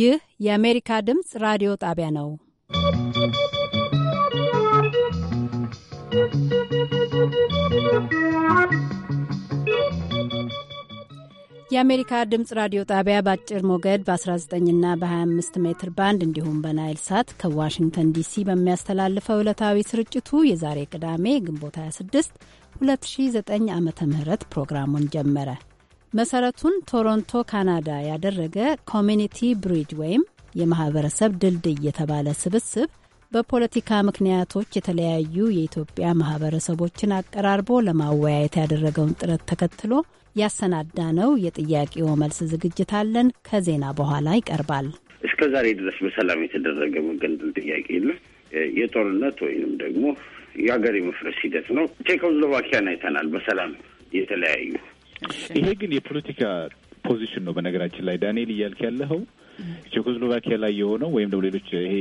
ይህ የአሜሪካ ድምፅ ራዲዮ ጣቢያ ነው። የአሜሪካ ድምፅ ራዲዮ ጣቢያ በአጭር ሞገድ በ19ና በ25 ሜትር ባንድ እንዲሁም በናይል ሳት ከዋሽንግተን ዲሲ በሚያስተላልፈው ዕለታዊ ስርጭቱ የዛሬ ቅዳሜ ግንቦት 26 2009 ዓ ም ፕሮግራሙን ጀመረ። መሰረቱን ቶሮንቶ ካናዳ ያደረገ ኮሚኒቲ ብሪጅ ወይም የማህበረሰብ ድልድይ የተባለ ስብስብ በፖለቲካ ምክንያቶች የተለያዩ የኢትዮጵያ ማህበረሰቦችን አቀራርቦ ለማወያየት ያደረገውን ጥረት ተከትሎ ያሰናዳ ነው። የጥያቄው መልስ ዝግጅት አለን፣ ከዜና በኋላ ይቀርባል። እስከ ዛሬ ድረስ በሰላም የተደረገ መገንጠል ጥያቄ የለም። የጦርነት ወይንም ደግሞ የሀገር የመፍረስ ሂደት ነው። ቼኮስሎቫኪያን አይተናል። በሰላም የተለያዩ ይሄ ግን የፖለቲካ ፖዚሽን ነው። በነገራችን ላይ ዳንኤል እያልክ ያለኸው ቼኮስሎቫኪያ ላይ የሆነው ወይም ደግሞ ሌሎች ይሄ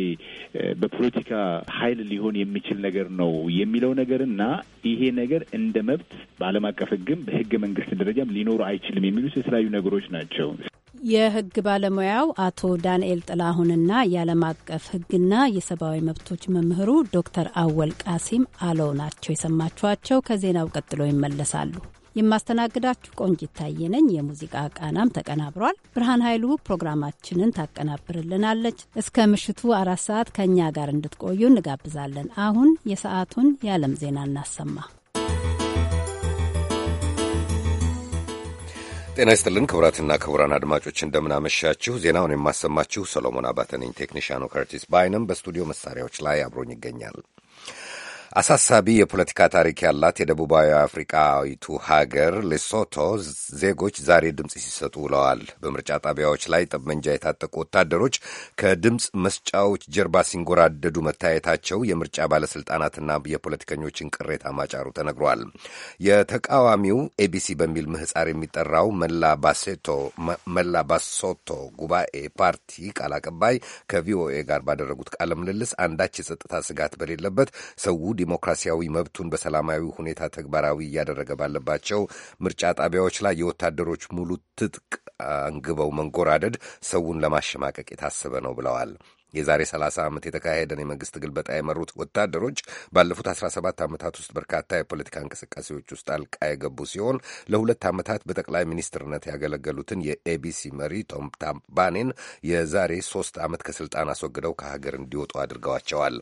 በፖለቲካ ኃይል ሊሆን የሚችል ነገር ነው የሚለው ነገር እና ይሄ ነገር እንደ መብት በዓለም አቀፍ ሕግም በሕገ መንግስት ደረጃም ሊኖሩ አይችልም የሚሉት የተለያዩ ነገሮች ናቸው። የህግ ባለሙያው አቶ ዳንኤል ጥላሁንና የዓለም አቀፍ ህግና የሰብአዊ መብቶች መምህሩ ዶክተር አወል ቃሲም አለው ናቸው የሰማችኋቸው። ከዜናው ቀጥሎ ይመለሳሉ። የማስተናግዳችሁ ቆንጂት ታየ ነኝ። የሙዚቃ ቃናም ተቀናብሯል። ብርሃን ኃይሉ ፕሮግራማችንን ታቀናብርልናለች። እስከ ምሽቱ አራት ሰዓት ከእኛ ጋር እንድትቆዩ እንጋብዛለን። አሁን የሰዓቱን የዓለም ዜና እናሰማ። ጤና ይስጥልን ክቡራትና ክቡራን አድማጮች እንደምናመሻችሁ። ዜናውን የማሰማችሁ ሰሎሞን አባተ ነኝ። ቴክኒሽያኑ ከርቲስ ባይነም በስቱዲዮ መሳሪያዎች ላይ አብሮኝ ይገኛል። አሳሳቢ የፖለቲካ ታሪክ ያላት የደቡባዊ አፍሪቃዊቱ ሀገር ሌሶቶ ዜጎች ዛሬ ድምፅ ሲሰጡ ውለዋል። በምርጫ ጣቢያዎች ላይ ጠመንጃ የታጠቁ ወታደሮች ከድምፅ መስጫዎች ጀርባ ሲንጎራደዱ መታየታቸው የምርጫ ባለስልጣናትና የፖለቲከኞችን ቅሬታ ማጫሩ ተነግሯል። የተቃዋሚው ኤቢሲ በሚል ምህፃር የሚጠራው መላ ባሶቶ ጉባኤ ፓርቲ ቃል አቀባይ ከቪኦኤ ጋር ባደረጉት ቃለ ምልልስ አንዳች የጸጥታ ስጋት በሌለበት ሰው ዲሞክራሲያዊ መብቱን በሰላማዊ ሁኔታ ተግባራዊ እያደረገ ባለባቸው ምርጫ ጣቢያዎች ላይ የወታደሮች ሙሉ ትጥቅ አንግበው መንጎራደድ ሰውን ለማሸማቀቅ የታሰበ ነው ብለዋል። የዛሬ 30 ዓመት የተካሄደን የመንግስት ግልበጣ የመሩት ወታደሮች ባለፉት 17 ዓመታት ውስጥ በርካታ የፖለቲካ እንቅስቃሴዎች ውስጥ አልቃ የገቡ ሲሆን ለሁለት ዓመታት በጠቅላይ ሚኒስትርነት ያገለገሉትን የኤቢሲ መሪ ቶም ታምባኔን የዛሬ ሶስት ዓመት ከስልጣን አስወግደው ከሀገር እንዲወጡ አድርገዋቸዋል።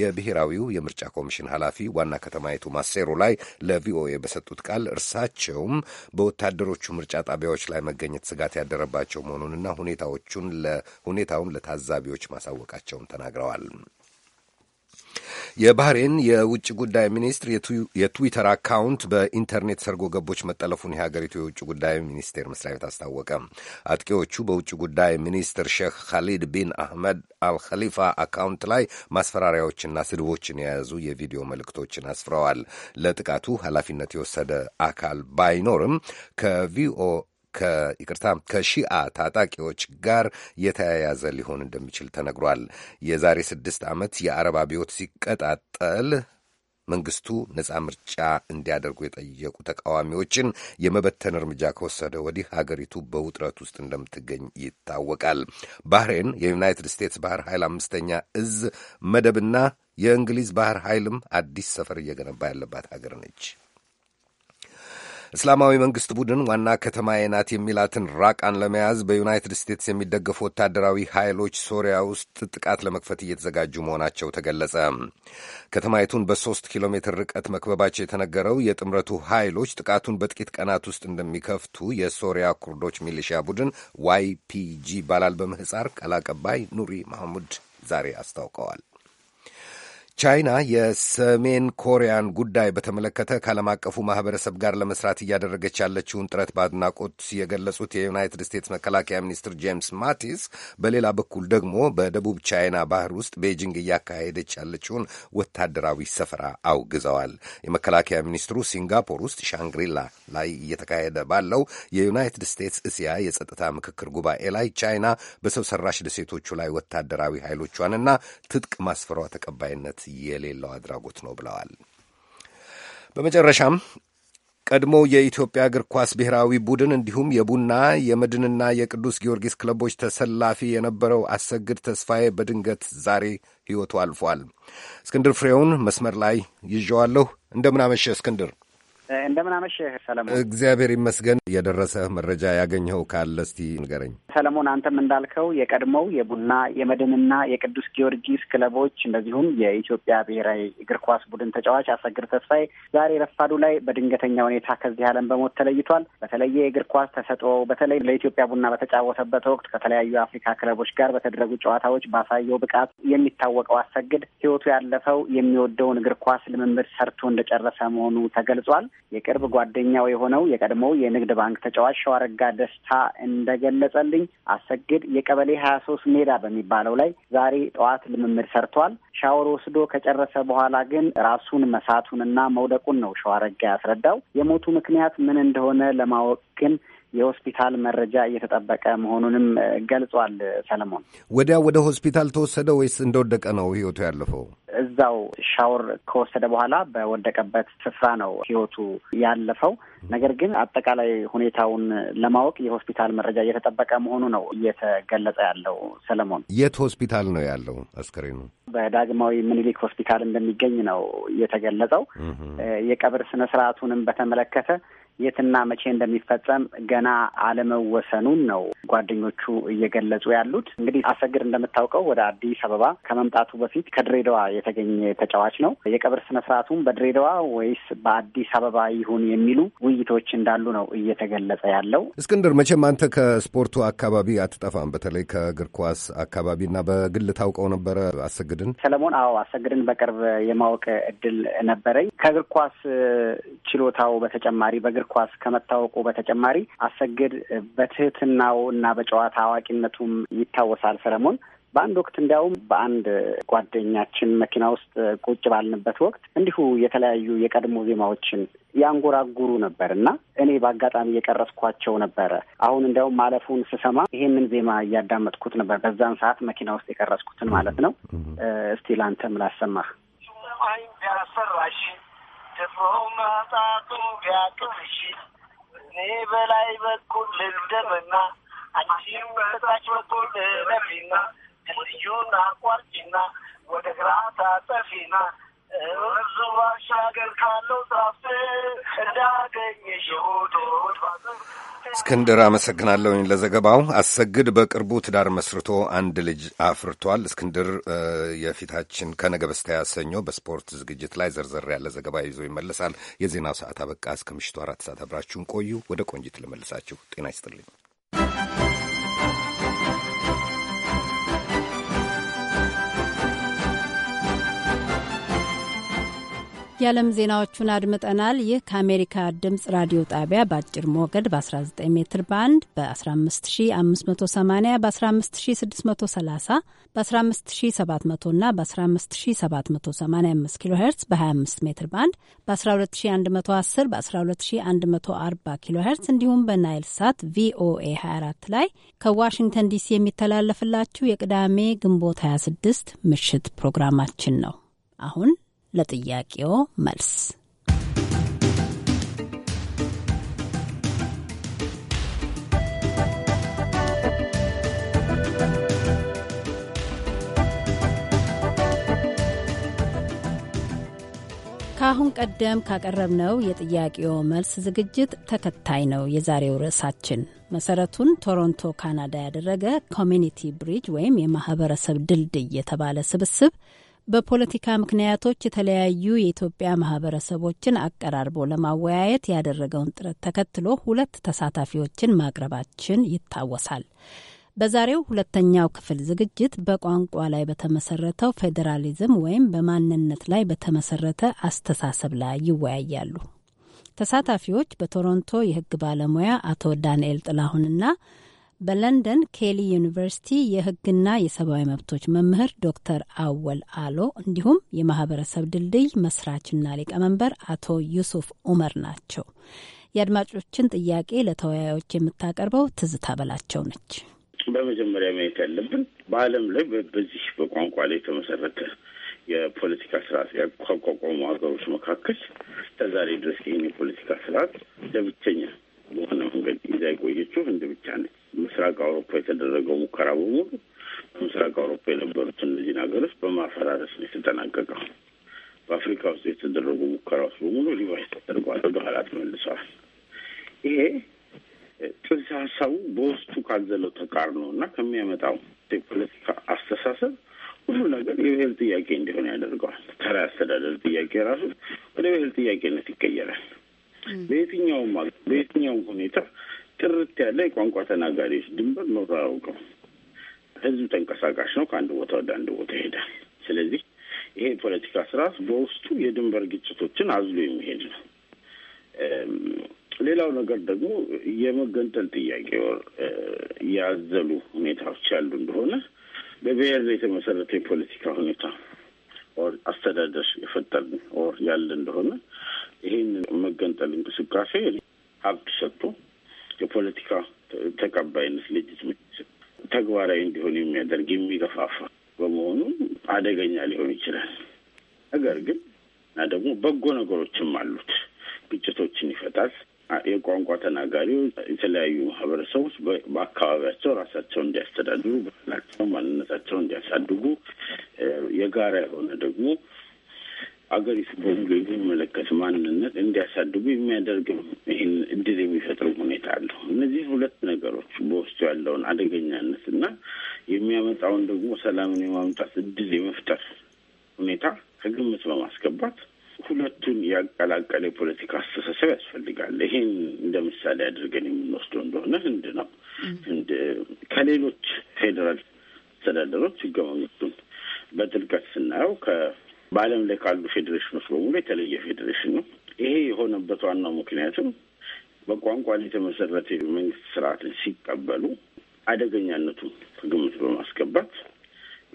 የብሔራዊው የምርጫ ኮሚሽን ኃላፊ ዋና ከተማይቱ ማሴሮ ላይ ለቪኦኤ በሰጡት ቃል እርሳቸውም በወታደሮቹ ምርጫ ጣቢያዎች ላይ መገኘት ስጋት ያደረባቸው መሆኑንና ሁኔታዎቹን ሁኔታውን ለታዛቢዎች ማሳ ማስታወቃቸውን ተናግረዋል። የባህሬን የውጭ ጉዳይ ሚኒስትር የትዊተር አካውንት በኢንተርኔት ሰርጎ ገቦች መጠለፉን የሀገሪቱ የውጭ ጉዳይ ሚኒስቴር መስሪያ ቤት አስታወቀ። አጥቂዎቹ በውጭ ጉዳይ ሚኒስትር ሼክ ካሊድ ቢን አህመድ አልኸሊፋ አካውንት ላይ ማስፈራሪያዎችና ስድቦችን የያዙ የቪዲዮ መልእክቶችን አስፍረዋል። ለጥቃቱ ኃላፊነት የወሰደ አካል ባይኖርም ከቪኦ ከይቅርታ ከሺአ ታጣቂዎች ጋር የተያያዘ ሊሆን እንደሚችል ተነግሯል። የዛሬ ስድስት ዓመት የአረብ አብዮት ሲቀጣጠል መንግስቱ ነጻ ምርጫ እንዲያደርጉ የጠየቁ ተቃዋሚዎችን የመበተን እርምጃ ከወሰደ ወዲህ ሀገሪቱ በውጥረት ውስጥ እንደምትገኝ ይታወቃል። ባህሬን የዩናይትድ ስቴትስ ባህር ኃይል አምስተኛ እዝ መደብና የእንግሊዝ ባህር ኃይልም አዲስ ሰፈር እየገነባ ያለባት ሀገር ነች። እስላማዊ መንግስት ቡድን ዋና ከተማዬ ናት የሚላትን ራቃን ለመያዝ በዩናይትድ ስቴትስ የሚደገፉ ወታደራዊ ኃይሎች ሶሪያ ውስጥ ጥቃት ለመክፈት እየተዘጋጁ መሆናቸው ተገለጸ። ከተማይቱን በሶስት ኪሎ ሜትር ርቀት መክበባቸው የተነገረው የጥምረቱ ኃይሎች ጥቃቱን በጥቂት ቀናት ውስጥ እንደሚከፍቱ የሶሪያ ኩርዶች ሚሊሺያ ቡድን ዋይፒጂ ባላል በምህፃር ቃል አቀባይ ኑሪ መሐሙድ ዛሬ አስታውቀዋል። ቻይና የሰሜን ኮሪያን ጉዳይ በተመለከተ ከዓለም አቀፉ ማህበረሰብ ጋር ለመስራት እያደረገች ያለችውን ጥረት በአድናቆት የገለጹት የዩናይትድ ስቴትስ መከላከያ ሚኒስትር ጄምስ ማቲስ፣ በሌላ በኩል ደግሞ በደቡብ ቻይና ባህር ውስጥ ቤጂንግ እያካሄደች ያለችውን ወታደራዊ ሰፈራ አውግዘዋል። የመከላከያ ሚኒስትሩ ሲንጋፖር ውስጥ ሻንግሪላ ላይ እየተካሄደ ባለው የዩናይትድ ስቴትስ እስያ የጸጥታ ምክክር ጉባኤ ላይ ቻይና በሰው ሰራሽ ደሴቶቹ ላይ ወታደራዊ ኃይሎቿንና ትጥቅ ማስፈሯ ተቀባይነት የሌለው አድራጎት ነው ብለዋል። በመጨረሻም ቀድሞ የኢትዮጵያ እግር ኳስ ብሔራዊ ቡድን እንዲሁም የቡና የመድንና የቅዱስ ጊዮርጊስ ክለቦች ተሰላፊ የነበረው አሰግድ ተስፋዬ በድንገት ዛሬ ሕይወቱ አልፏል። እስክንድር ፍሬውን መስመር ላይ ይዣዋለሁ። እንደምናመሸ እስክንድር እንደምን አመሸህ ሰለሞን። እግዚአብሔር ይመስገን። የደረሰህ መረጃ ያገኘኸው ካለ እስቲ ንገረኝ ሰለሞን። አንተም እንዳልከው የቀድሞው የቡና የመድንና የቅዱስ ጊዮርጊስ ክለቦች እንደዚሁም የኢትዮጵያ ብሔራዊ እግር ኳስ ቡድን ተጫዋች አሰግድ ተስፋይ ዛሬ ረፋዱ ላይ በድንገተኛ ሁኔታ ከዚህ ዓለም በሞት ተለይቷል። በተለየ የእግር ኳስ ተሰጥኦ በተለይ ለኢትዮጵያ ቡና በተጫወተበት ወቅት ከተለያዩ የአፍሪካ ክለቦች ጋር በተደረጉ ጨዋታዎች ባሳየው ብቃት የሚታወቀው አሰግድ ህይወቱ ያለፈው የሚወደውን እግር ኳስ ልምምድ ሰርቶ እንደጨረሰ መሆኑ ተገልጿል። የቅርብ ጓደኛው የሆነው የቀድሞው የንግድ ባንክ ተጫዋች ሸዋረጋ ደስታ እንደገለጸልኝ አሰግድ የቀበሌ ሀያ ሶስት ሜዳ በሚባለው ላይ ዛሬ ጠዋት ልምምድ ሰርቷል። ሻወር ወስዶ ከጨረሰ በኋላ ግን ራሱን መሳቱንና መውደቁን ነው ሸዋረጋ ያስረዳው። የሞቱ ምክንያት ምን እንደሆነ ለማወቅ ግን የሆስፒታል መረጃ እየተጠበቀ መሆኑንም ገልጿል። ሰለሞን ወዲያ ወደ ሆስፒታል ተወሰደ ወይስ እንደወደቀ ነው ህይወቱ ያለፈው? እዛው ሻወር ከወሰደ በኋላ በወደቀበት ስፍራ ነው ህይወቱ ያለፈው። ነገር ግን አጠቃላይ ሁኔታውን ለማወቅ የሆስፒታል መረጃ እየተጠበቀ መሆኑ ነው እየተገለጸ ያለው። ሰለሞን የት ሆስፒታል ነው ያለው አስከሬኑ? በዳግማዊ ምኒልክ ሆስፒታል እንደሚገኝ ነው የተገለጸው። የቀብር ስነ ስርዓቱንም በተመለከተ የትና መቼ እንደሚፈጸም ገና አለመወሰኑን ነው ጓደኞቹ እየገለጹ ያሉት። እንግዲህ አሰግድ እንደምታውቀው ወደ አዲስ አበባ ከመምጣቱ በፊት ከድሬዳዋ የተገኘ ተጫዋች ነው። የቀብር ስነ ስርዓቱም በድሬዳዋ ወይስ በአዲስ አበባ ይሁን የሚሉ ውይይቶች እንዳሉ ነው እየተገለጸ ያለው። እስክንድር፣ መቼም አንተ ከስፖርቱ አካባቢ አትጠፋም። በተለይ ከእግር ኳስ አካባቢና በግል ታውቀው ነበረ አሰግድን ሰለሞን? አዎ አሰግድን በቅርብ የማወቅ እድል ነበረኝ። ከእግር ኳስ ችሎታው በተጨማሪ በእግር እግር ኳስ ከመታወቁ በተጨማሪ አሰግድ በትህትናው እና በጨዋታ አዋቂነቱም ይታወሳል። ሰለሞን በአንድ ወቅት እንዲያውም በአንድ ጓደኛችን መኪና ውስጥ ቁጭ ባልንበት ወቅት እንዲሁ የተለያዩ የቀድሞ ዜማዎችን ያንጎራጉሩ ነበር እና እኔ በአጋጣሚ የቀረስኳቸው ነበረ። አሁን እንዲያውም ማለፉን ስሰማ ይሄንን ዜማ እያዳመጥኩት ነበር፣ በዛን ሰዓት መኪና ውስጥ የቀረስኩትን ማለት ነው። እስቲ ላንተም ላሰማህ አይ ቢያሰራሽ ደፍሮ መጣቱ ቢያቅምሽ እኔ በላይ በኩል ልግደምና አንቺም በታች በኩል ለፊና ድልድዩን አቋርጪና ወደ ግራ ታጠፊና እርዙ ባሻገር ካለው ዛፍ እንዳገኘሽ እሑድ እሑድ ባዘ እስክንድር አመሰግናለሁኝ ለዘገባው። አሰግድ በቅርቡ ትዳር መስርቶ አንድ ልጅ አፍርቷል። እስክንድር የፊታችን ከነገ በስቲያ ሰኞ በስፖርት ዝግጅት ላይ ዘርዘር ያለ ዘገባ ይዞ ይመለሳል። የዜናው ሰዓት አበቃ። እስከ ምሽቱ አራት ሰዓት አብራችሁን ቆዩ። ወደ ቆንጂት ልመልሳችሁ። ጤና ይስጥልኝ። የዓለም ዜናዎቹን አድምጠናል። ይህ ከአሜሪካ ድምፅ ራዲዮ ጣቢያ በአጭር ሞገድ በ19 ሜትር ባንድ በ15580 በ15630 በ15700 እና በ15785 ኪሎ ሄርትስ በ25 ሜትር ባንድ በ12110 በ12140 ኪሎ ሄርትስ እንዲሁም በናይል ሳት ቪኦኤ 24 ላይ ከዋሽንግተን ዲሲ የሚተላለፍላችሁ የቅዳሜ ግንቦት 26 ምሽት ፕሮግራማችን ነው። አሁን ለጥያቄው መልስ ከአሁን ቀደም ካቀረብነው የጥያቄው መልስ ዝግጅት ተከታይ ነው የዛሬው ርዕሳችን። መሰረቱን ቶሮንቶ ካናዳ ያደረገ ኮሚኒቲ ብሪጅ ወይም የማህበረሰብ ድልድይ የተባለ ስብስብ በፖለቲካ ምክንያቶች የተለያዩ የኢትዮጵያ ማህበረሰቦችን አቀራርቦ ለማወያየት ያደረገውን ጥረት ተከትሎ ሁለት ተሳታፊዎችን ማቅረባችን ይታወሳል። በዛሬው ሁለተኛው ክፍል ዝግጅት በቋንቋ ላይ በተመሰረተው ፌዴራሊዝም ወይም በማንነት ላይ በተመሰረተ አስተሳሰብ ላይ ይወያያሉ። ተሳታፊዎች በቶሮንቶ የህግ ባለሙያ አቶ ዳንኤል ጥላሁንና በለንደን ኬሊ ዩኒቨርሲቲ የሕግና የሰብአዊ መብቶች መምህር ዶክተር አወል አሎ እንዲሁም የማህበረሰብ ድልድይ መስራችና ሊቀመንበር አቶ ዩሱፍ ኡመር ናቸው። የአድማጮችን ጥያቄ ለተወያዮች የምታቀርበው ትዝታ በላቸው ነች። በመጀመሪያ ማየት ያለብን በዓለም ላይ በዚህ በቋንቋ ላይ የተመሰረተ የፖለቲካ ስርዓት ካቋቋሙ ሀገሮች መካከል እስከዛሬ ድረስ ይህን የፖለቲካ ስርዓት ለብቸኛ በሆነ መንገድ ይዛ የቆየችው ህንድ ብቻ ነች። ምስራቅ አውሮፓ የተደረገው ሙከራ በሙሉ በምስራቅ አውሮፓ የነበሩት እነዚህን ሀገሮች በማፈራረስ ነው የተጠናቀቀው። በአፍሪካ ውስጥ የተደረጉ ሙከራዎች በሙሉ ሊቫይ ተደርጓል፣ ወደኋላ ተመልሰዋል። ይሄ ጥንሰ ሀሳቡ በውስጡ ካዘለው ተቃርኖ እና ከሚያመጣው የፖለቲካ አስተሳሰብ ሁሉ ነገር የብሄል ጥያቄ እንዲሆን ያደርገዋል። ተራ አስተዳደር ጥያቄ ራሱ ወደ ብሄል ጥያቄነት ይቀየራል። በየትኛውም በየትኛውም ሁኔታ ጥርት ያለ የቋንቋ ተናጋሪዎች ድንበር ኖሮ አያውቅም። ህዝብ ተንቀሳቃሽ ነው። ከአንድ ቦታ ወደ አንድ ቦታ ይሄዳል። ስለዚህ ይሄ የፖለቲካ ስርዓት በውስጡ የድንበር ግጭቶችን አዝሎ የሚሄድ ነው። ሌላው ነገር ደግሞ የመገንጠል ጥያቄ ያዘሉ ሁኔታዎች ያሉ እንደሆነ በብሔር ላይ የተመሰረተ የፖለቲካ ሁኔታ ኦር አስተዳደር የፈጠርን ኦር ያለ እንደሆነ ይህን መገንጠል እንቅስቃሴ ሀብት ሰጥቶ የፖለቲካ ተቀባይነት ሌጅትሜሽን ተግባራዊ እንዲሆን የሚያደርግ የሚገፋፋ በመሆኑ አደገኛ ሊሆን ይችላል። ነገር ግን እና ደግሞ በጎ ነገሮችም አሉት። ግጭቶችን ይፈታል። የቋንቋ ተናጋሪው የተለያዩ ማህበረሰቦች በአካባቢያቸው ራሳቸውን እንዲያስተዳድሩ፣ ባህላቸው፣ ማንነታቸው እንዲያሳድጉ የጋራ የሆነ ደግሞ አገሪቱ በሙሉ የሚመለከት ማንነት እንዲያሳድጉ የሚያደርግም ይህን እድል የሚፈጥር ሁኔታ አለው። እነዚህ ሁለት ነገሮች በውስጡ ያለውን አደገኛነት እና የሚያመጣውን ደግሞ ሰላምን የማምጣት እድል የመፍጠር ሁኔታ ከግምት በማስገባት ሁለቱን ያቀላቀለ የፖለቲካ አስተሳሰብ ያስፈልጋል። ይሄን እንደ ምሳሌ አድርገን የምንወስደው እንደሆነ ህንድ ነው። ህንድ ከሌሎች ፌዴራል አስተዳደሮች ህገ መንግስቱን በጥልቀት ስናየው በዓለም ላይ ካሉ ፌዴሬሽኖች በሙሉ የተለየ ፌዴሬሽን ነው። ይሄ የሆነበት ዋናው ምክንያትም በቋንቋ ላይ የተመሰረተ መንግስት ስርዓትን ሲቀበሉ አደገኛነቱን ከግምት በማስገባት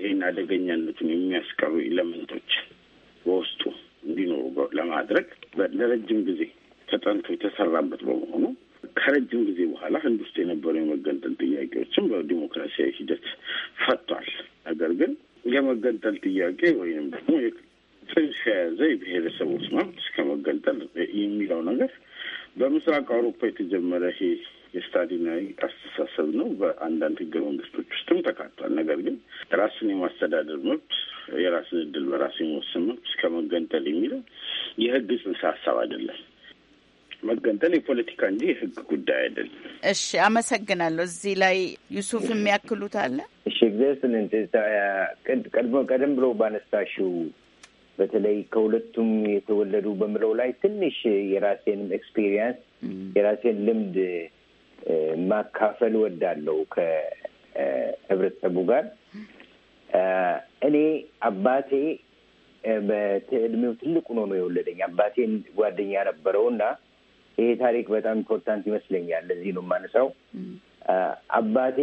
ይህን አደገኛነቱን የሚያስቀሩ ኤለመንቶች በውስጡ እንዲኖሩ ለማድረግ ለረጅም ጊዜ ተጠንቶ የተሰራበት በመሆኑ ከረጅም ጊዜ በኋላ ህንድ ውስጥ የነበሩ የመገንጠል ጥያቄዎችም በዲሞክራሲያዊ ሂደት ፈቷል። ነገር ግን የመገንጠል ጥያቄ ወይም ደግሞ ጽንፍ የያዘ የብሔረሰቦች መብት እስከ መገንጠል የሚለው ነገር በምስራቅ አውሮፓ የተጀመረ ይሄ የስታሊናዊ አስተሳሰብ ነው። በአንዳንድ ህገ መንግስቶች ውስጥም ተካቷል። ነገር ግን ራስን የማስተዳደር መብት፣ የራስን እድል በራስ የመወሰን መብት እስከ መገንጠል የሚለው የህግ ጽንሰ ሀሳብ አይደለም። መገንጠል የፖለቲካ እንጂ የህግ ጉዳይ አይደለም። እሺ፣ አመሰግናለሁ። እዚህ ላይ ዩሱፍ የሚያክሉት አለ? እሺ፣ እግዚአብሔር ቀደም ብሎ ባነሳሽው በተለይ ከሁለቱም የተወለዱ በምለው ላይ ትንሽ የራሴንም ኤክስፒሪየንስ የራሴን ልምድ ማካፈል ወዳለው ከህብረተሰቡ ጋር እኔ አባቴ በእድሜው ትልቁ ነው ነው የወለደኝ። አባቴን ጓደኛ ነበረው እና ይሄ ታሪክ በጣም ኢምፖርታንት ይመስለኛል። ለዚህ ነው የማነሳው። አባቴ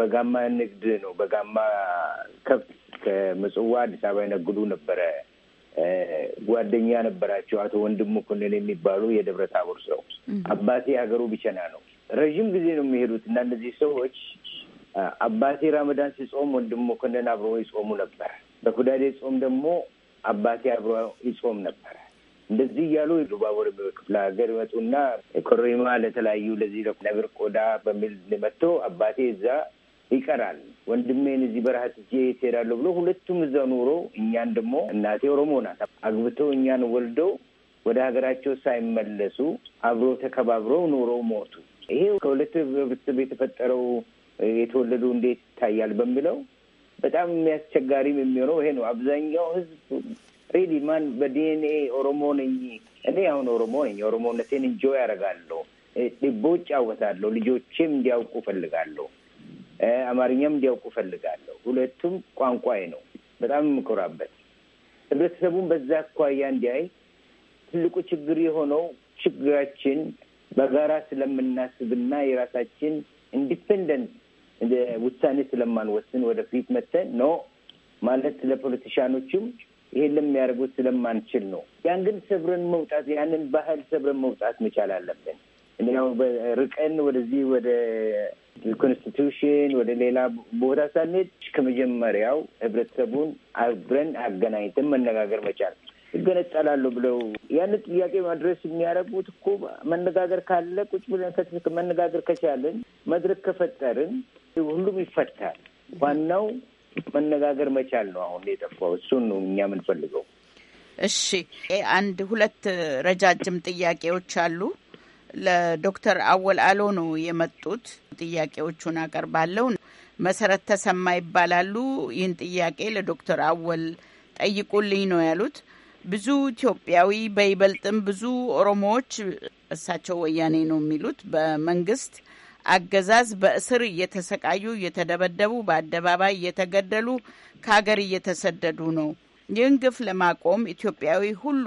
በጋማ ንግድ ነው በጋማ ከብት እስከ ምጽዋ አዲስ አበባ ይነግዱ ነበረ። ጓደኛ ነበራቸው አቶ ወንድሙ ኩንን የሚባሉ የደብረ ታቦር ሰው። አባቴ ሀገሩ ቢቸና ነው። ረዥም ጊዜ ነው የሚሄዱት እና እነዚህ ሰዎች አባቴ ራመዳን ሲጾም ወንድሙ ኩንን አብሮ ይጾሙ ነበር። በኩዳዴ ጾም ደግሞ አባቴ አብሮ ይጾም ነበር። እንደዚህ እያሉ ሉባቦር ክፍለ ሀገር ይመጡና ኮሮማ ለተለያዩ ለዚህ ነብር ቆዳ በሚል መጥቶ አባቴ እዛ ይቀራል። ወንድሜን እዚህ በረሃ ትቼ ትሄዳለሁ ብሎ ሁለቱም እዛ ኑሮ እኛን ደግሞ እናቴ ኦሮሞ ናት አግብተው እኛን ወልደው ወደ ሀገራቸው ሳይመለሱ አብሮ ተከባብረው ኑሮ ሞቱ። ይሄ ከሁለት ህብረተሰብ የተፈጠረው የተወለዱ እንዴት ይታያል በሚለው በጣም የሚያስቸጋሪም የሚሆነው ይሄ ነው። አብዛኛው ህዝብ ሬዲ ማን በዲኤንኤ ኦሮሞ ነኝ እኔ አሁን ኦሮሞ ነኝ፣ ኦሮሞነቴን እንጆ ያደርጋለሁ፣ ዲቦ እጫወታለሁ፣ ልጆቼም እንዲያውቁ እፈልጋለሁ አማርኛም እንዲያውቁ ፈልጋለሁ። ሁለቱም ቋንቋዬ ነው። በጣም የምኮራበት ህብረተሰቡን በዛ አኳያ እንዲያይ ትልቁ ችግር የሆነው ችግራችን በጋራ ስለምናስብና የራሳችን ኢንዲፔንደንት ውሳኔ ስለማንወስን ወደፊት መተን ኖ ማለት ለፖለቲሻኖቹም ይሄን ለሚያደርጉት ስለማንችል ነው። ያን ግን ሰብረን መውጣት ያንን ባህል ሰብረን መውጣት መቻል አለብን። ያው ርቀን ወደዚህ ወደ ኮንስቲቱሽን ወደ ሌላ ቦታ ሳንሄድ ከመጀመሪያው ህብረተሰቡን አብረን አገናኝተን መነጋገር መቻል ይገነጠላሉ ብለው ያን ጥያቄ ማድረስ የሚያደርጉት እኮ መነጋገር ካለ ቁጭ ብለን መነጋገር ከቻልን መድረክ ከፈጠርን ሁሉም ይፈታል። ዋናው መነጋገር መቻል ነው። አሁን የጠፋው እሱን ነው እኛ የምንፈልገው። እሺ፣ አንድ ሁለት ረጃጅም ጥያቄዎች አሉ። ለዶክተር አወል አሎ ነው የመጡት። ጥያቄዎቹን አቀርባለሁ። መሰረት ተሰማ ይባላሉ። ይህን ጥያቄ ለዶክተር አወል ጠይቁልኝ ነው ያሉት። ብዙ ኢትዮጵያዊ በይበልጥም ብዙ ኦሮሞዎች እሳቸው ወያኔ ነው የሚሉት በመንግስት አገዛዝ በእስር እየተሰቃዩ እየተደበደቡ በአደባባይ እየተገደሉ ከሀገር እየተሰደዱ ነው። ይህን ግፍ ለማቆም ኢትዮጵያዊ ሁሉ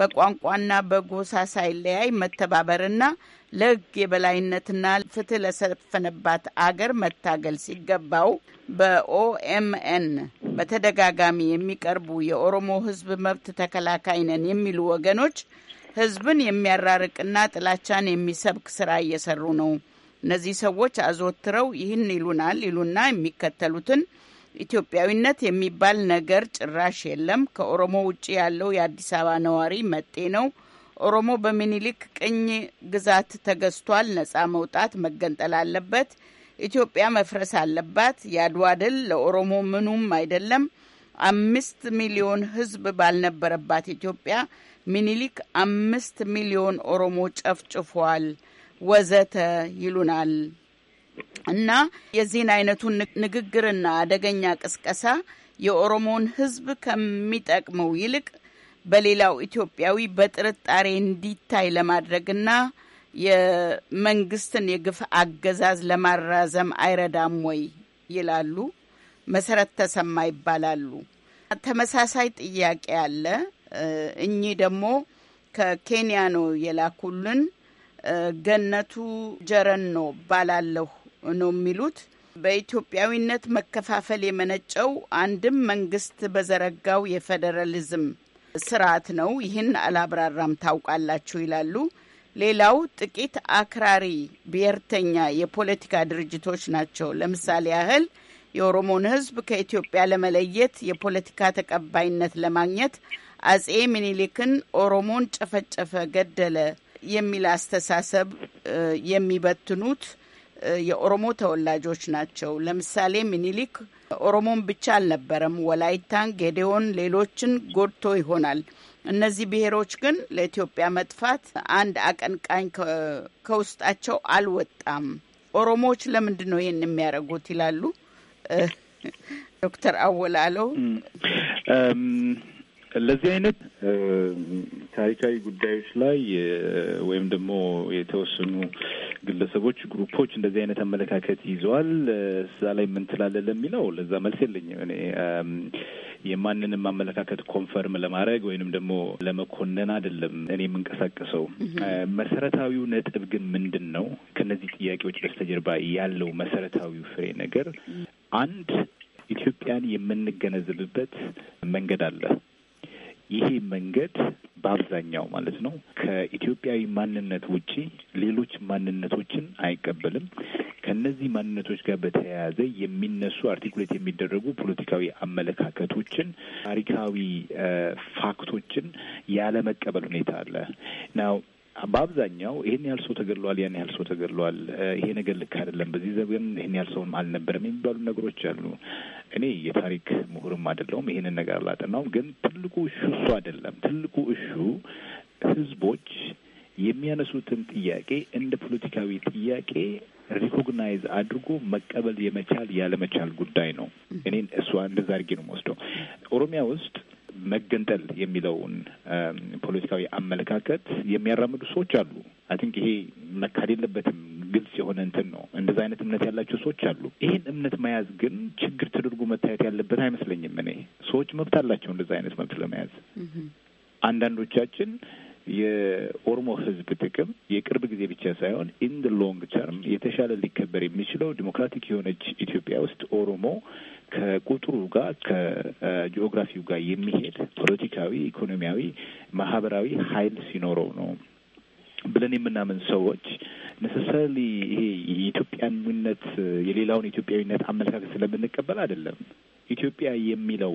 በቋንቋና በጎሳ ሳይለያይ መተባበርና ለህግ የበላይነትና ፍትህ ለሰፈነባት አገር መታገል ሲገባው በኦኤምኤን በተደጋጋሚ የሚቀርቡ የኦሮሞ ህዝብ መብት ተከላካይ ነን የሚሉ ወገኖች ህዝብን የሚያራርቅና ጥላቻን የሚሰብክ ስራ እየሰሩ ነው። እነዚህ ሰዎች አዘወትረው ይህን ይሉናል ይሉና የሚከተሉትን ኢትዮጵያዊነት የሚባል ነገር ጭራሽ የለም። ከኦሮሞ ውጭ ያለው የአዲስ አበባ ነዋሪ መጤ ነው። ኦሮሞ በሚኒሊክ ቅኝ ግዛት ተገዝቷል። ነጻ መውጣት መገንጠል አለበት። ኢትዮጵያ መፍረስ አለባት። የአድዋ ድል ለኦሮሞ ምኑም አይደለም። አምስት ሚሊዮን ሕዝብ ባልነበረባት ኢትዮጵያ ሚኒሊክ አምስት ሚሊዮን ኦሮሞ ጨፍጭፏል፣ ወዘተ ይሉናል። እና የዚህን አይነቱን ንግግርና አደገኛ ቅስቀሳ የኦሮሞን ሕዝብ ከሚጠቅመው ይልቅ በሌላው ኢትዮጵያዊ በጥርጣሬ እንዲታይ ለማድረግና የመንግስትን የግፍ አገዛዝ ለማራዘም አይረዳም ወይ ይላሉ። መሰረት ተሰማ ይባላሉ። ተመሳሳይ ጥያቄ አለ። እኚህ ደግሞ ከኬንያ ነው የላኩልን። ገነቱ ጀረኖ ባላለሁ ነው የሚሉት። በኢትዮጵያዊነት መከፋፈል የመነጨው አንድም መንግስት በዘረጋው የፌዴራሊዝም ስርዓት ነው። ይህን አላብራራም ታውቃላችሁ ይላሉ። ሌላው ጥቂት አክራሪ ብሔርተኛ የፖለቲካ ድርጅቶች ናቸው። ለምሳሌ ያህል የኦሮሞን ህዝብ ከኢትዮጵያ ለመለየት የፖለቲካ ተቀባይነት ለማግኘት አጼ ምኒልክን ኦሮሞን ጨፈጨፈ፣ ገደለ የሚል አስተሳሰብ የሚበትኑት የኦሮሞ ተወላጆች ናቸው። ለምሳሌ ሚኒሊክ ኦሮሞን ብቻ አልነበረም፣ ወላይታን፣ ጌዴዎን፣ ሌሎችን ጎድቶ ይሆናል። እነዚህ ብሔሮች ግን ለኢትዮጵያ መጥፋት አንድ አቀንቃኝ ከውስጣቸው አልወጣም። ኦሮሞዎች ለምንድን ነው ይህን የሚያደርጉት ይላሉ ዶክተር አወላለው ለዚህ አይነት ታሪካዊ ጉዳዮች ላይ ወይም ደግሞ የተወሰኑ ግለሰቦች፣ ግሩፖች እንደዚህ አይነት አመለካከት ይዘዋል፣ እዛ ላይ ምን ትላለህ ለሚለው ለዛ መልስ የለኝም እኔ የማንንም አመለካከት ኮንፈርም ለማድረግ ወይንም ደግሞ ለመኮነን አይደለም እኔ የምንቀሳቀሰው። መሰረታዊው ነጥብ ግን ምንድን ነው? ከነዚህ ጥያቄዎች በስተጀርባ ያለው መሰረታዊው ፍሬ ነገር አንድ ኢትዮጵያን የምንገነዘብበት መንገድ አለ። ይሄ መንገድ በአብዛኛው ማለት ነው ከኢትዮጵያዊ ማንነት ውጪ ሌሎች ማንነቶችን አይቀበልም። ከነዚህ ማንነቶች ጋር በተያያዘ የሚነሱ አርቲኩሌት የሚደረጉ ፖለቲካዊ አመለካከቶችን፣ ታሪካዊ ፋክቶችን ያለመቀበል ሁኔታ አለ ናው በአብዛኛው ይህን ያህል ሰው ተገድሏል፣ ያን ያህል ሰው ተገድሏል፣ ይሄ ነገር ልክ አይደለም፣ በዚህ ዘመን ይህን ያህል ሰውም አልነበረም የሚባሉ ነገሮች አሉ። እኔ የታሪክ ምሁርም አይደለሁም፣ ይህንን ነገር አላጠናውም። ግን ትልቁ እሹ እሱ አይደለም። ትልቁ እሹ ህዝቦች የሚያነሱትን ጥያቄ እንደ ፖለቲካዊ ጥያቄ ሪኮግናይዝ አድርጎ መቀበል የመቻል ያለመቻል ጉዳይ ነው። እኔን እሷ እንደዛ አድርጌ ነው የምወስደው። ኦሮሚያ ውስጥ መገንጠል የሚለውን ፖለቲካዊ አመለካከት የሚያራምዱ ሰዎች አሉ። አይ ቲንክ ይሄ መካድ የለበትም። ግልጽ የሆነ እንትን ነው። እንደዛ አይነት እምነት ያላቸው ሰዎች አሉ። ይህን እምነት መያዝ ግን ችግር ተደርጎ መታየት ያለበት አይመስለኝም። እኔ ሰዎች መብት አላቸው እንደዛ አይነት መብት ለመያዝ አንዳንዶቻችን የኦሮሞ ህዝብ ጥቅም የቅርብ ጊዜ ብቻ ሳይሆን ኢን ደ ሎንግ ተርም የተሻለ ሊከበር የሚችለው ዲሞክራቲክ የሆነች ኢትዮጵያ ውስጥ ኦሮሞ ከቁጥሩ ጋር ከጂኦግራፊው ጋር የሚሄድ ፖለቲካዊ፣ ኢኮኖሚያዊ፣ ማህበራዊ ኃይል ሲኖረው ነው ብለን የምናምን ሰዎች ነሰሰሪ ይሄ የኢትዮጵያዊነት የሌላውን ኢትዮጵያዊነት አመለካከት ስለምንቀበል አይደለም። ኢትዮጵያ የሚለው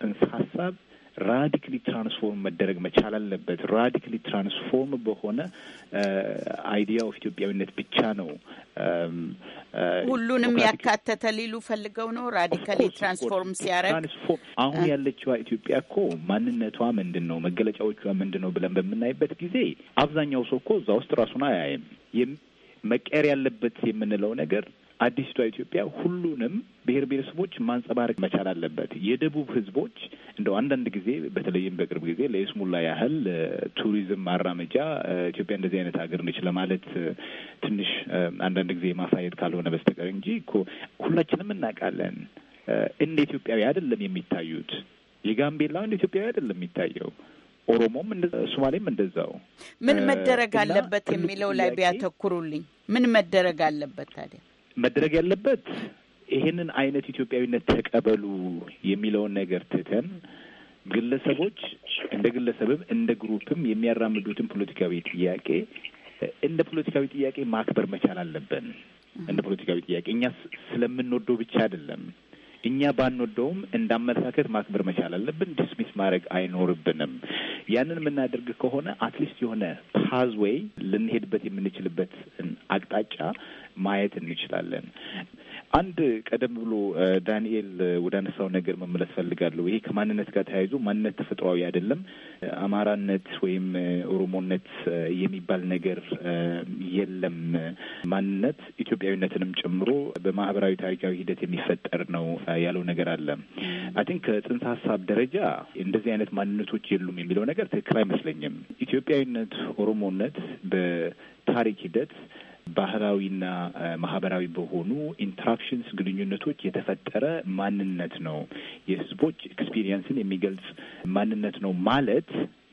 ጽንሰ ሀሳብ ራዲክሊ ትራንስፎርም መደረግ መቻል አለበት። ራዲክሊ ትራንስፎርም በሆነ አይዲያ uh, ኦፍ ኢትዮጵያዊነት ብቻ ነው um, uh, ሁሉንም ያካተተ ሊሉ ፈልገው ነው። ራዲካሊ ትራንስፎርም ሲያረግ አሁን ያለችዋ ኢትዮጵያ እኮ ማንነቷ ምንድን ነው፣ መገለጫዎቿ ምንድን ነው ብለን በምናይበት ጊዜ አብዛኛው ሰው እኮ እዛ ውስጥ ራሱን አያይም። መቀየር ያለበት የምንለው ነገር አዲስቷ ኢትዮጵያ ሁሉንም ብሔር ብሔረሰቦች ማንጸባረቅ መቻል አለበት። የደቡብ ህዝቦች እንደው አንዳንድ ጊዜ በተለይም በቅርብ ጊዜ ለይስሙላ ያህል ቱሪዝም ማራመጃ ኢትዮጵያ እንደዚህ አይነት ሀገር ነች ለማለት ትንሽ አንዳንድ ጊዜ ማሳየት ካልሆነ በስተቀር እንጂ እኮ ሁላችንም እናውቃለን። እንደ ኢትዮጵያዊ አይደለም የሚታዩት። የጋምቤላ እንደ ኢትዮጵያዊ አይደለም የሚታየው። ኦሮሞም ሶማሌም እንደዛው። ምን መደረግ አለበት የሚለው ላይ ቢያተኩሩልኝ። ምን መደረግ አለበት ታዲያ? መደረግ ያለበት ይሄንን አይነት ኢትዮጵያዊነት ተቀበሉ የሚለውን ነገር ትተን ግለሰቦች እንደ ግለሰብም እንደ ግሩፕም የሚያራምዱትን ፖለቲካዊ ጥያቄ እንደ ፖለቲካዊ ጥያቄ ማክበር መቻል አለብን። እንደ ፖለቲካዊ ጥያቄ እኛ ስለምንወደው ብቻ አይደለም እኛ ባንወደውም እንደ አመለካከት ማክበር መቻል አለብን። ዲስሚስ ማድረግ አይኖርብንም። ያንን የምናደርግ ከሆነ አትሊስት የሆነ ፓዝዌይ ልንሄድበት የምንችልበት አቅጣጫ ማየት እንችላለን። አንድ ቀደም ብሎ ዳንኤል ወዳነሳው ነገር መመለስ ፈልጋለሁ። ይሄ ከማንነት ጋር ተያይዞ ማንነት ተፈጥሯዊ አይደለም። አማራነት ወይም ኦሮሞነት የሚባል ነገር የለም። ማንነት ኢትዮጵያዊነትንም ጨምሮ በማህበራዊ ታሪካዊ ሂደት የሚፈጠር ነው ያለው ነገር አለ። አይ ቲንክ ሀሳብ ደረጃ እንደዚህ አይነት ማንነቶች የሉም የሚለው ነገር ትክክል አይመስለኝም። ኢትዮጵያዊነት፣ ኦሮሞነት በታሪክ ሂደት ባህላዊና ማህበራዊ በሆኑ ኢንተራክሽንስ ግንኙነቶች የተፈጠረ ማንነት ነው። የህዝቦች ኤክስፒሪየንስን የሚገልጽ ማንነት ነው ማለት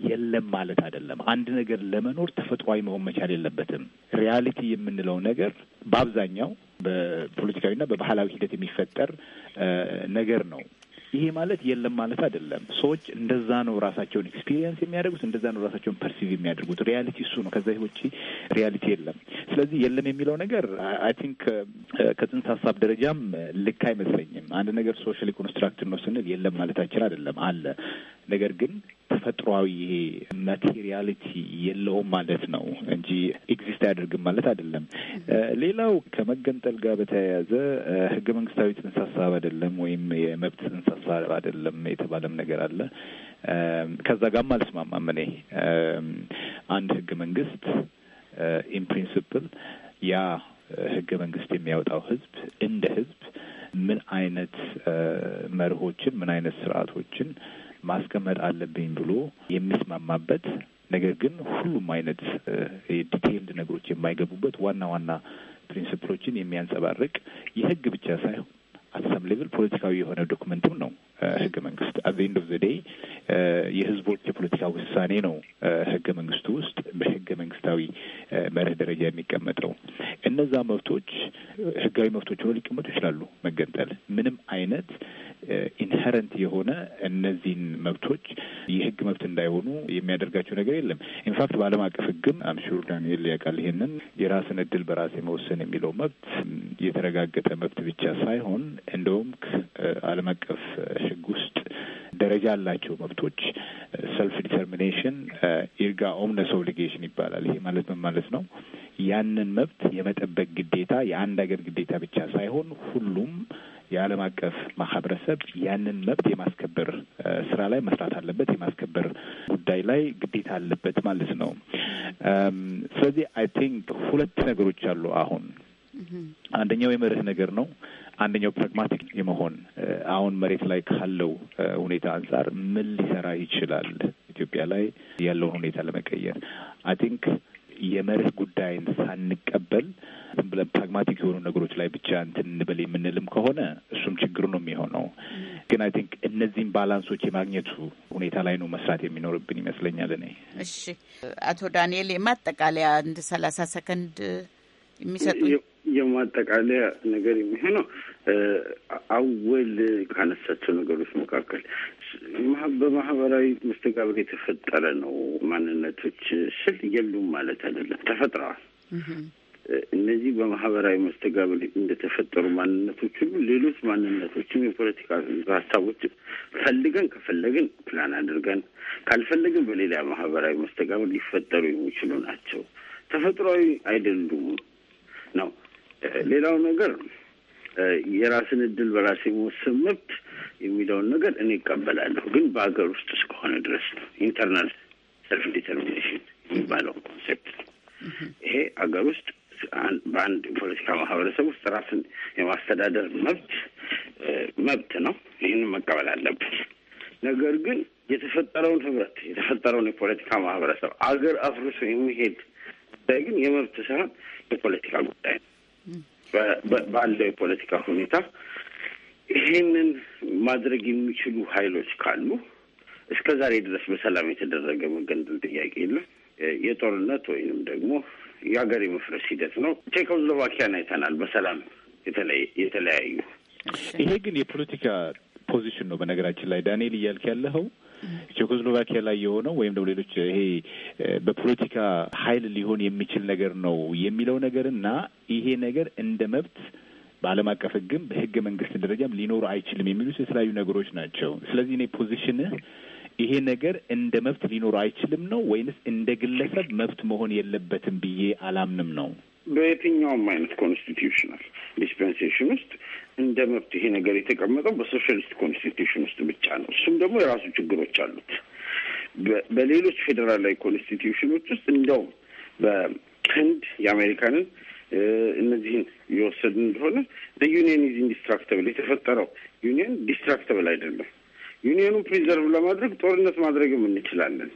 የለም ማለት አይደለም። አንድ ነገር ለመኖር ተፈጥሯዊ መሆን መቻል የለበትም። ሪያሊቲ የምንለው ነገር በአብዛኛው በፖለቲካዊና በባህላዊ ሂደት የሚፈጠር ነገር ነው። ይሄ ማለት የለም ማለት አይደለም። ሰዎች እንደዛ ነው ራሳቸውን ኤክስፒሪየንስ የሚያደርጉት፣ እንደዛ ነው ራሳቸውን ፐርሲቭ የሚያደርጉት። ሪያሊቲ እሱ ነው። ከዛ ውጪ ሪያሊቲ የለም። ስለዚህ የለም የሚለው ነገር አይ ቲንክ ከጥንት ሀሳብ ደረጃም ልክ አይመስለኝም። አንድ ነገር ሶሻሊ ኮንስትራክት ነው ስንል የለም ማለታችን አይደለም አለ ነገር ግን ተፈጥሯዊ ይሄ ማቴሪያሊቲ የለውም ማለት ነው እንጂ ኤግዚስት አያደርግም ማለት አይደለም። ሌላው ከመገንጠል ጋር በተያያዘ ህገ መንግስታዊ ጽንሰ ሀሳብ አይደለም ወይም የመብት ጽንሰ ሀሳብ አይደለም የተባለም ነገር አለ። ከዛ ጋርም አልስማማም እኔ አንድ ህገ መንግስት ኢን ፕሪንስፕል ያ ህገ መንግስት የሚያወጣው ህዝብ እንደ ህዝብ ምን አይነት መርሆችን ምን አይነት ስርዓቶችን ማስቀመጥ አለብኝ ብሎ የሚስማማበት ነገር ግን ሁሉም አይነት ዲቴይልድ ነገሮች የማይገቡበት ዋና ዋና ፕሪንስፕሎችን የሚያንጸባርቅ የህግ ብቻ ሳይሆን አት ሰም ሌቭል ፖለቲካዊ የሆነ ዶክመንትም ነው ህገ መንግስት አት ኦፍ ዘ ዴይ የህዝቦች የፖለቲካ ውሳኔ ነው ህገ መንግስቱ ውስጥ በህገ መንግስታዊ መርህ ደረጃ የሚቀመጠው። እነዛ መብቶች ህጋዊ መብቶች ሆኖ ሊቀመጡ ይችላሉ። መገንጠል ምንም አይነት ኢንሄረንት የሆነ እነዚህን መብቶች የህግ መብት እንዳይሆኑ የሚያደርጋቸው ነገር የለም። ኢንፋክት በዓለም አቀፍ ህግም አምሹር ዳንኤል ያውቃል ይህንን የራስን እድል በራስ የመወሰን የሚለው መብት የተረጋገጠ መብት ብቻ ሳይሆን እንደውም ዓለም አቀፍ ህግ ውስጥ ደረጃ አላቸው መብቶች። ሰልፍ ዲተርሚኔሽን ኢርጋ ኦምነስ ኦብሊጌሽን ይባላል። ይሄ ማለት ምን ማለት ነው? ያንን መብት የመጠበቅ ግዴታ የአንድ ሀገር ግዴታ ብቻ ሳይሆን ሁሉም የዓለም አቀፍ ማህበረሰብ ያንን መብት የማስከበር uh, ስራ ላይ መስራት አለበት፣ የማስከበር ጉዳይ ላይ ግዴታ አለበት ማለት ነው። um, ስለዚህ አይ ቲንክ ሁለት ነገሮች አሉ አሁን አንደኛው የመርህ ነገር ነው። አንደኛው ፕራግማቲክ የመሆን አሁን መሬት ላይ ካለው ሁኔታ አንጻር ምን ሊሰራ ይችላል ኢትዮጵያ ላይ ያለውን ሁኔታ ለመቀየር አይ ቲንክ የመርህ ጉዳይን ሳንቀበል ዝም ብለን ፕራግማቲክ የሆኑ ነገሮች ላይ ብቻ እንትን እንበል የምንልም ከሆነ እሱም ችግር ነው የሚሆነው። ግን አይ ቲንክ እነዚህም ባላንሶች የማግኘቱ ሁኔታ ላይ ነው መስራት የሚኖርብን ይመስለኛል። እኔ እሺ፣ አቶ ዳንኤል የማጠቃለያ አንድ ሰላሳ ሰከንድ የሚሰጡ የማጠቃለያ ነገር የሚሆነው አወል ካነሳቸው ነገሮች መካከል በማህበራዊ መስተጋብር የተፈጠረ ነው። ማንነቶች ስል የሉም ማለት አይደለም፣ ተፈጥረዋል። እነዚህ በማህበራዊ መስተጋብር እንደተፈጠሩ ማንነቶች ሁሉ ሌሎች ማንነቶችም የፖለቲካ ሀሳቦች ፈልገን ከፈለግን ፕላን አድርገን ካልፈለግን በሌላ ማህበራዊ መስተጋብር ሊፈጠሩ የሚችሉ ናቸው። ተፈጥሯዊ አይደሉም ነው። ሌላው ነገር የራስን እድል በራስ የመወሰን መብት የሚለውን ነገር እኔ ይቀበላለሁ፣ ግን በሀገር ውስጥ እስከሆነ ድረስ ነው። ኢንተርናል ሰልፍ ዲተርሚኔሽን የሚባለው ኮንሴፕት ነው። ይሄ ሀገር ውስጥ በአንድ የፖለቲካ ማህበረሰብ ውስጥ ራስን የማስተዳደር መብት መብት ነው። ይህን መቀበል አለብን። ነገር ግን የተፈጠረውን ህብረት የተፈጠረውን የፖለቲካ ማህበረሰብ አገር አፍርሶ የሚሄድ ጉዳይ ግን የመብት ሳይሆን የፖለቲካ ጉዳይ ነው። ባለው የፖለቲካ ሁኔታ ይሄንን ማድረግ የሚችሉ ሀይሎች ካሉ እስከ ዛሬ ድረስ በሰላም የተደረገ መገንጠል ጥያቄ የለም። የጦርነት ወይንም ደግሞ የሀገር የመፍረስ ሂደት ነው። ቼኮስሎቫኪያን አይተናል፣ በሰላም የተለያዩ። ይሄ ግን የፖለቲካ ፖዚሽን ነው። በነገራችን ላይ ዳንኤል እያልክ ያለኸው ቼኮስሎቫኪያ ላይ የሆነው ወይም ደግሞ ሌሎች ይሄ በፖለቲካ ኃይል ሊሆን የሚችል ነገር ነው የሚለው ነገር እና ይሄ ነገር እንደ መብት በዓለም አቀፍ ሕግም በህገ መንግስት ደረጃም ሊኖሩ አይችልም የሚሉት የተለያዩ ነገሮች ናቸው። ስለዚህ እኔ ፖዚሽንህ ይሄ ነገር እንደ መብት ሊኖሩ አይችልም ነው ወይንስ እንደ ግለሰብ መብት መሆን የለበትም ብዬ አላምንም ነው። በየትኛውም አይነት ኮንስቲትዩሽናል ዲስፔንሴሽን ውስጥ እንደ መብት ይሄ ነገር የተቀመጠው በሶሻሊስት ኮንስቲትዩሽን ውስጥ ብቻ ነው። እሱም ደግሞ የራሱ ችግሮች አሉት። በሌሎች ፌዴራላዊ ኮንስቲትዩሽኖች ውስጥ እንደውም በህንድ የአሜሪካንን እነዚህን የወሰድን እንደሆነ ዩኒየን ኢዝ ኢንዲስትራክተብል የተፈጠረው ዩኒየን ዲስትራክተብል አይደለም። ዩኒየኑን ፕሪዘርቭ ለማድረግ ጦርነት ማድረግም እንችላለን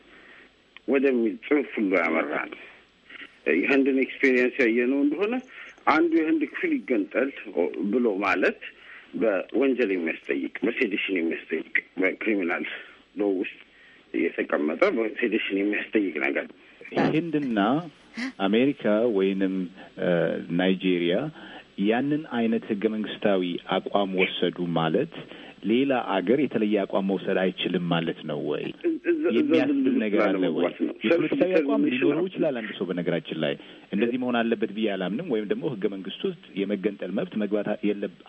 ወደሚል ጽንፍ ሁሉ ነው? የህንድን ኤክስፔሪየንስ ያየነው እንደሆነ አንዱ የህንድ ክፍል ይገንጠል ብሎ ማለት በወንጀል የሚያስጠይቅ በሴዲሽን የሚያስጠይቅ በክሪሚናል ሎ ውስጥ እየተቀመጠ በሴዲሽን የሚያስጠይቅ ነገር ህንድና አሜሪካ ወይንም ናይጄሪያ ያንን አይነት ህገ መንግስታዊ አቋም ወሰዱ ማለት ሌላ አገር የተለየ አቋም መውሰድ አይችልም ማለት ነው ወይ? የሚያስብል ነገር አለ ወይ? የፖለቲካዊ አቋም ሊኖረው ይችላል አንድ ሰው። በነገራችን ላይ እንደዚህ መሆን አለበት ብዬ አላምንም፣ ወይም ደግሞ ህገ መንግስት ውስጥ የመገንጠል መብት መግባት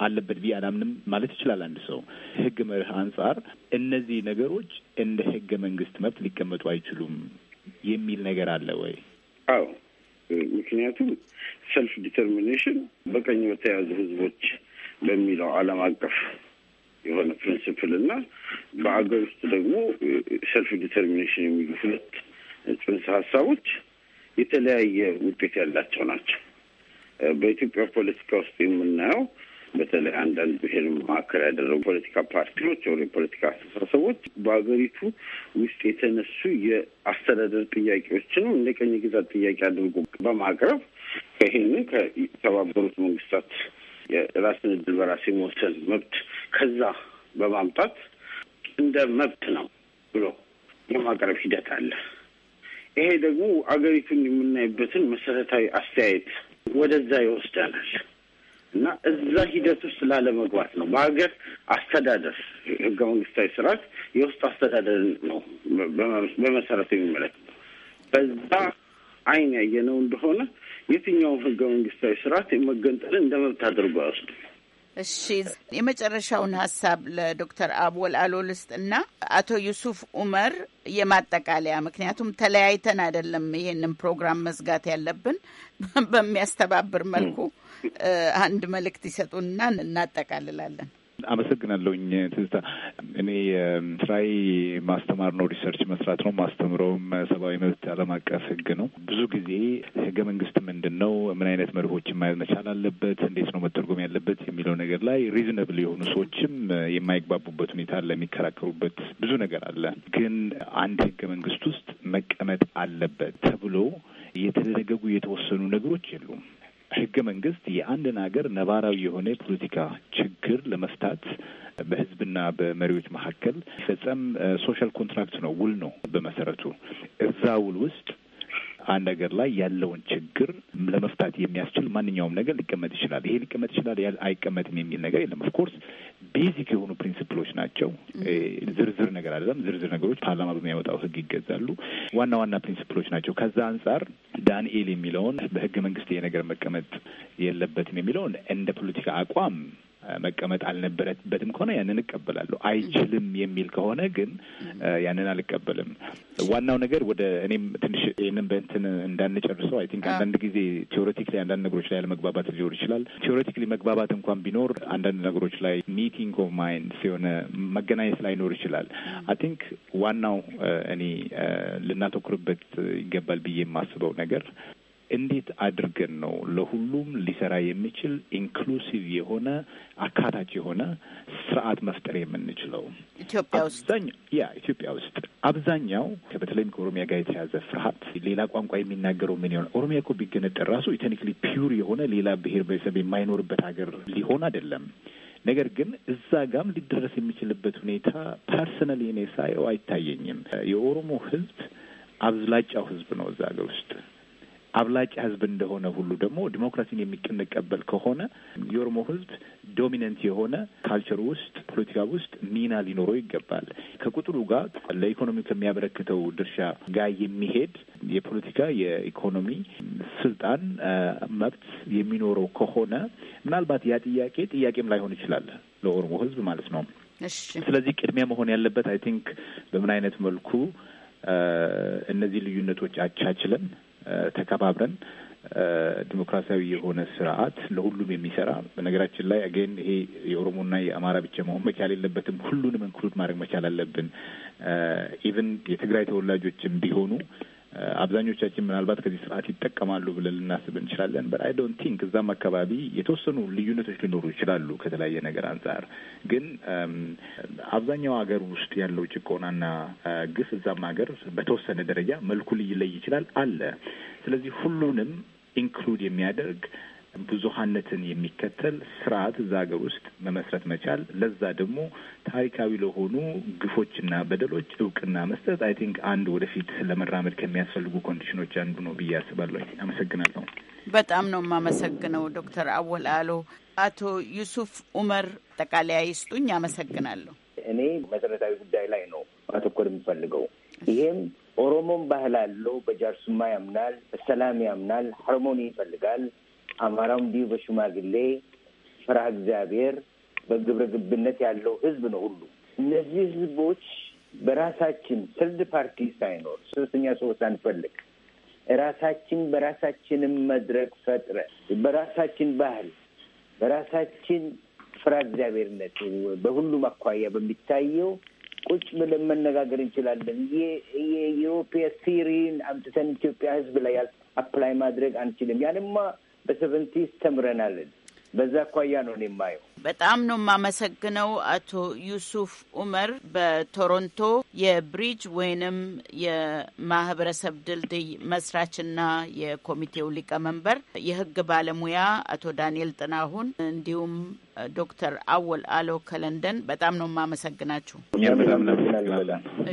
አለበት ብዬ አላምንም ማለት ይችላል አንድ ሰው። ህግ መርህ አንጻር እነዚህ ነገሮች እንደ ህገ መንግስት መብት ሊቀመጡ አይችሉም የሚል ነገር አለ ወይ? አዎ ምክንያቱም ሰልፍ ዲተርሚኔሽን በቀኝ በተያዙ ህዝቦች በሚለው ዓለም አቀፍ የሆነ ፕሪንስፕል እና በአገር ውስጥ ደግሞ ሰልፍ ዲተርሚኔሽን የሚሉ ሁለት ጽንሰ ሀሳቦች የተለያየ ውጤት ያላቸው ናቸው። በኢትዮጵያ ፖለቲካ ውስጥ የምናየው በተለይ አንዳንድ ብሔርን መካከል ያደረጉ ፖለቲካ ፓርቲዎች ወ የፖለቲካ አስተሳሰቦች በሀገሪቱ ውስጥ የተነሱ የአስተዳደር ጥያቄዎችንም እንደ ቀኝ ግዛት ጥያቄ አድርጎ በማቅረብ ይህንን ከተባበሩት መንግስታት የራስን እድል በራስ የመወሰን መብት ከዛ በማምጣት እንደ መብት ነው ብሎ የማቅረብ ሂደት አለ። ይሄ ደግሞ አገሪቱን የምናይበትን መሰረታዊ አስተያየት ወደዛ ይወስደናል እና እዛ ሂደት ውስጥ ላለመግባት ነው። በሀገር አስተዳደር ህገ መንግስታዊ ስርዓት የውስጥ አስተዳደር ነው በመሰረቱ የሚመለከተው ነው። በዛ አይን ያየነው እንደሆነ የትኛውም ህገ መንግስታዊ ስርዓት የመገንጠልን እንደ መብት አድርጎ አይወስድም። እሺ የመጨረሻውን ሀሳብ ለዶክተር አቦል አሎ ልስጥና አቶ ዩሱፍ ኡመር የማጠቃለያ ምክንያቱም ተለያይተን አይደለም ይህንን ፕሮግራም መዝጋት ያለብን በሚያስተባብር መልኩ አንድ መልእክት ይሰጡንና እናጠቃልላለን። አመሰግናለሁኝ ትዝታ። እኔ ስራዬ ማስተማር ነው፣ ሪሰርች መስራት ነው። ማስተምረውም ሰብአዊ መብት ዓለም አቀፍ ህግ ነው። ብዙ ጊዜ ህገ መንግስት ምንድን ነው፣ ምን አይነት መርሆችን ማየት መቻል አለበት፣ እንዴት ነው መተርጎም ያለበት የሚለው ነገር ላይ ሪዝነብል የሆኑ ሰዎችም የማይግባቡበት ሁኔታ አለ፣ የሚከራከሩበት ብዙ ነገር አለ። ግን አንድ ህገ መንግስት ውስጥ መቀመጥ አለበት ተብሎ የተደነገጉ የተወሰኑ ነገሮች የሉም። ህገ መንግስት የአንድን ሀገር ነባራዊ የሆነ የፖለቲካ ችግር ለመፍታት በህዝብና በመሪዎች መካከል ፈጸም ሶሻል ኮንትራክት ነው፣ ውል ነው በመሰረቱ እዛ ውል ውስጥ አንድ ሀገር ላይ ያለውን ችግር ለመፍታት የሚያስችል ማንኛውም ነገር ሊቀመጥ ይችላል። ይሄ ሊቀመጥ ይችላል፣ አይቀመጥም የሚል ነገር የለም። ኦፍኮርስ ቤዚክ የሆኑ ፕሪንስፕሎች ናቸው። ዝርዝር ነገር አይደለም። ዝርዝር ነገሮች ፓርላማ በሚያወጣው ህግ ይገዛሉ። ዋና ዋና ፕሪንስፕሎች ናቸው። ከዛ አንጻር ዳንኤል የሚለውን በህገ መንግስት ይሄ ነገር መቀመጥ የለበትም የሚለውን እንደ ፖለቲካ አቋም መቀመጥ አልነበረበትም ከሆነ ያንን እቀበላለሁ። አይችልም የሚል ከሆነ ግን ያንን አልቀበልም። ዋናው ነገር ወደ እኔም ትንሽ ይህንን በእንትን እንዳንጨርሰው አይ ቲንክ አንዳንድ ጊዜ ቴዎሬቲክሊ አንዳንድ ነገሮች ላይ ያለመግባባት ሊኖር ይችላል። ቴዎሬቲክሊ መግባባት እንኳን ቢኖር አንዳንድ ነገሮች ላይ ሚቲንግ ኦፍ ማይንድ የሆነ መገናኘት ላይኖር ይችላል። አይ ቲንክ ዋናው እኔ ልናተኩርበት ይገባል ብዬ የማስበው ነገር እንዴት አድርገን ነው ለሁሉም ሊሰራ የሚችል ኢንክሉሲቭ የሆነ አካታች የሆነ ስርዓት መፍጠር የምንችለው? ኢትዮጵያ ውስጥ ያ ኢትዮጵያ ውስጥ አብዛኛው በተለይም ከኦሮሚያ ጋር የተያዘ ፍርሀት ሌላ ቋንቋ የሚናገረው ምን ይሆናል? ኦሮሚያ እኮ ቢገነጠል ራሱ ቴክኒክሊ ፒውር የሆነ ሌላ ብሄር ብሄረሰብ የማይኖርበት ሀገር ሊሆን አይደለም። ነገር ግን እዛ ጋም ሊደረስ የሚችልበት ሁኔታ ፐርሰናል የኔ ሳየው አይታየኝም። የኦሮሞ ህዝብ አብዝላጫው ህዝብ ነው እዛ ሀገር ውስጥ አብላጭ ህዝብ እንደሆነ ሁሉ ደግሞ ዲሞክራሲን የሚቀንቀበል ከሆነ የኦሮሞ ህዝብ ዶሚነንት የሆነ ካልቸር ውስጥ ፖለቲካ ውስጥ ሚና ሊኖረው ይገባል። ከቁጥሩ ጋር ለኢኮኖሚ ከሚያበረክተው ድርሻ ጋር የሚሄድ የፖለቲካ የኢኮኖሚ ስልጣን መብት የሚኖረው ከሆነ ምናልባት ያ ጥያቄ ጥያቄም ላይሆን ይችላል ለኦሮሞ ህዝብ ማለት ነው። ስለዚህ ቅድሚያ መሆን ያለበት አይ ቲንክ በምን አይነት መልኩ እነዚህ ልዩነቶች አቻችለን ተከባብረን ዲሞክራሲያዊ የሆነ ስርዓት ለሁሉም የሚሰራ በነገራችን ላይ አገን ይሄ የኦሮሞና የአማራ ብቻ መሆን መቻል የለበትም። ሁሉንም እንክሉድ ማድረግ መቻል አለብን። ኢቭን የትግራይ ተወላጆችም ቢሆኑ አብዛኞቻችን ምናልባት ከዚህ ስርዓት ይጠቀማሉ ብለን ልናስብ እንችላለን። አይ ዶንት ቲንክ እዛም አካባቢ የተወሰኑ ልዩነቶች ሊኖሩ ይችላሉ ከተለያየ ነገር አንጻር ግን አብዛኛው ሀገር ውስጥ ያለው ጭቆናና ግፍ እዛም ሀገር በተወሰነ ደረጃ መልኩ ሊለይ ይችላል አለ። ስለዚህ ሁሉንም ኢንክሉድ የሚያደርግ ብዙሀነትን የሚከተል ስርዓት እዛ ሀገር ውስጥ መመስረት መቻል፣ ለዛ ደግሞ ታሪካዊ ለሆኑ ግፎችና በደሎች እውቅና መስጠት አይ ቲንክ አንድ ወደፊት ለመራመድ ከሚያስፈልጉ ኮንዲሽኖች አንዱ ነው ብዬ አስባለሁ። አመሰግናለሁ። በጣም ነው የማመሰግነው ዶክተር አወል አሎ። አቶ ዩሱፍ ኡመር ጠቃላይ ይስጡኝ። አመሰግናለሁ። እኔ መሰረታዊ ጉዳይ ላይ ነው ማተኮር የሚፈልገው ይሄም ኦሮሞም ባህል አለው። በጃርሱማ ያምናል፣ በሰላም ያምናል፣ ሀርሞኒ ይፈልጋል አማራው እንዲሁ በሽማግሌ ፍርሃ እግዚአብሔር በግብረ ግብነት ያለው ህዝብ ነው ሁሉ እነዚህ ህዝቦች በራሳችን ትርድ ፓርቲ ሳይኖር ሶስተኛ ሰዎች አንፈልግ ራሳችን በራሳችንም መድረክ ፈጥረ በራሳችን ባህል በራሳችን ፍራ እግዚአብሔርነት በሁሉም አኳያ በሚታየው ቁጭ ብለን መነጋገር እንችላለን። የኢሮፒያ ሲሪን አምጥተን ኢትዮጵያ ህዝብ ላይ አፕላይ ማድረግ አንችልም። ያንማ በሰቨንቲስ ተምረናለን። በዛ አኳያ ነው የማየው። በጣም ነው የማመሰግነው አቶ ዩሱፍ ኡመር በቶሮንቶ የብሪጅ ወይንም የማህበረሰብ ድልድይ መስራችና የኮሚቴው ሊቀመንበር የህግ ባለሙያ አቶ ዳንኤል ጥናሁን እንዲሁም ዶክተር አወል አሎ ከለንደን በጣም ነው የማመሰግናችሁ።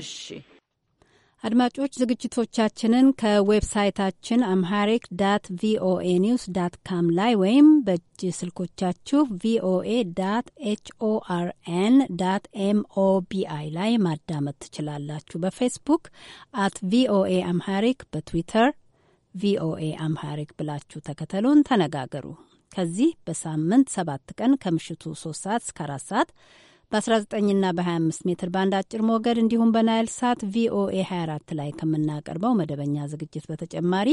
እሺ አድማጮች ዝግጅቶቻችንን ከዌብሳይታችን አምሃሪክ ዳት ቪኦኤ ኒውስ ዳት ካም ላይ ወይም በእጅ ስልኮቻችሁ ቪኦኤ ዳት ኤችኦአርኤን ዳት ኤምኦቢአይ ላይ ማዳመጥ ትችላላችሁ። በፌስቡክ አት ቪኦኤ አምሃሪክ፣ በትዊተር ቪኦኤ አምሃሪክ ብላችሁ ተከተሉን፣ ተነጋገሩ። ከዚህ በሳምንት ሰባት ቀን ከምሽቱ ሶስት ሰዓት እስከ አራት ሰዓት በ19ና በ25 ሜትር ባንድ አጭር ሞገድ እንዲሁም በናይል ሳት ቪኦኤ 24 ላይ ከምናቀርበው መደበኛ ዝግጅት በተጨማሪ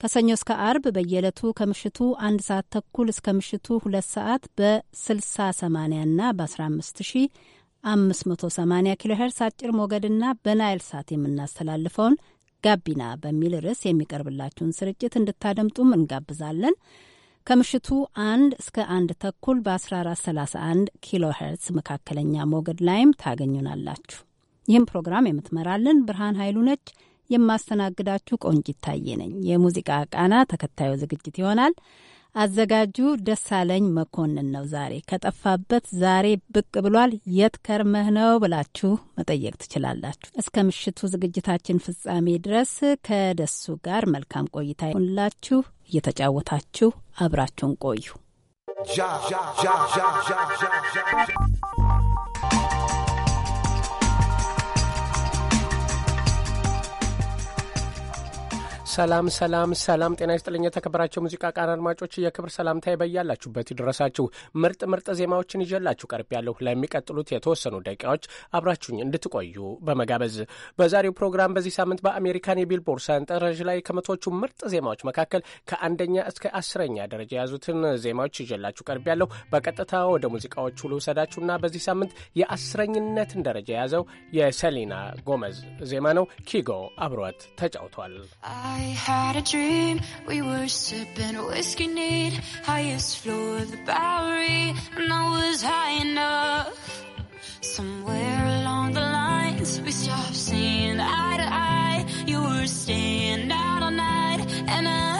ከሰኞ እስከ አርብ በየዕለቱ ከምሽቱ አንድ ሰዓት ተኩል እስከ ምሽቱ ሁለት ሰዓት በ6080 እና በ 580 ኪሎ ሄርስ አጭር ሞገድና በናይል ሳት የምናስተላልፈውን ጋቢና በሚል ርዕስ የሚቀርብላችሁን ስርጭት እንድታደምጡም እንጋብዛለን። ከምሽቱ አንድ እስከ አንድ ተኩል በ1431 ኪሎ ሄርትስ መካከለኛ ሞገድ ላይም ታገኙናላችሁ። ይህም ፕሮግራም የምትመራልን ብርሃን ኃይሉ ነች። የማስተናግዳችሁ ቆንጂት ታዬ ነኝ። የሙዚቃ ቃና ተከታዩ ዝግጅት ይሆናል። አዘጋጁ ደሳለኝ መኮንን ነው። ዛሬ ከጠፋበት ዛሬ ብቅ ብሏል። የት ከርመህ ነው ብላችሁ መጠየቅ ትችላላችሁ። እስከ ምሽቱ ዝግጅታችን ፍጻሜ ድረስ ከደሱ ጋር መልካም ቆይታ ይሁንላችሁ። እየተጫወታችሁ አብራችሁን ቆዩ። ሰላም ሰላም ሰላም፣ ጤና ይስጥልኝ የተከበራቸው ሙዚቃ ቃና አድማጮች የክብር ሰላምታ ይበያላችሁበት ይድረሳችሁ። ምርጥ ምርጥ ዜማዎችን ይዤላችሁ ያለሁ ለሚቀጥሉት የተወሰኑ ደቂቃዎች አብራችሁኝ እንድትቆዩ በመጋበዝ በዛሬው ፕሮግራም በዚህ ሳምንት በአሜሪካን የቢልቦርድ ሰንጠረዥ ላይ ከመቶቹ ምርጥ ዜማዎች መካከል ከአንደኛ እስከ አስረኛ ደረጃ የያዙትን ዜማዎች ይዤላችሁ ያለሁ። በቀጥታ ወደ ሙዚቃዎቹ ልውሰዳችሁና በዚህ ሳምንት የአስረኝነትን ደረጃ የያዘው የሰሊና ጎመዝ ዜማ ነው። ኪጎ አብሯት ተጫውቷል። had a dream. We were sipping whiskey neat, highest floor of the Bowery, and I was high enough. Somewhere along the lines, we stopped seeing eye to eye. You were staying out all night, and I.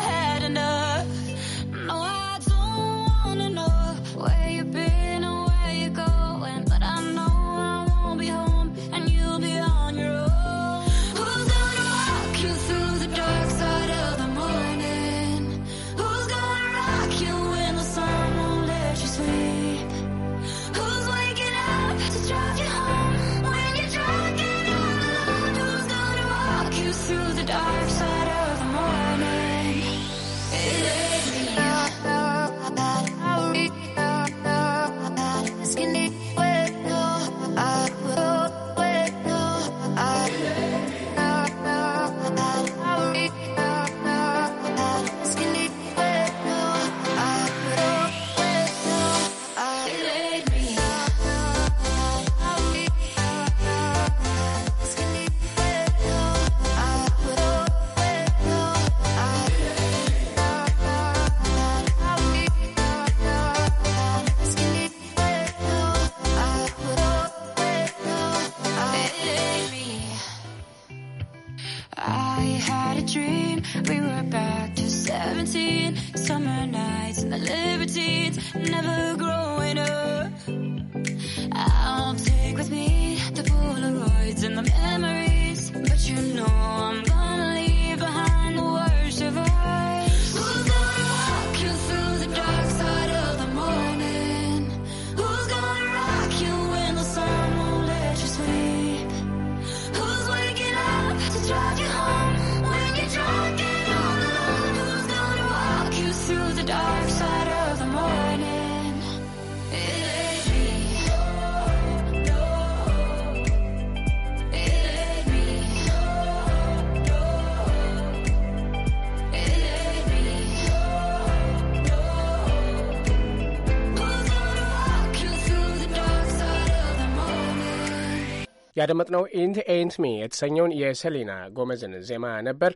ያደመጥነው ኢንት ኤንት ሚ የተሰኘውን የሰሊና ጎመዝን ዜማ ነበር።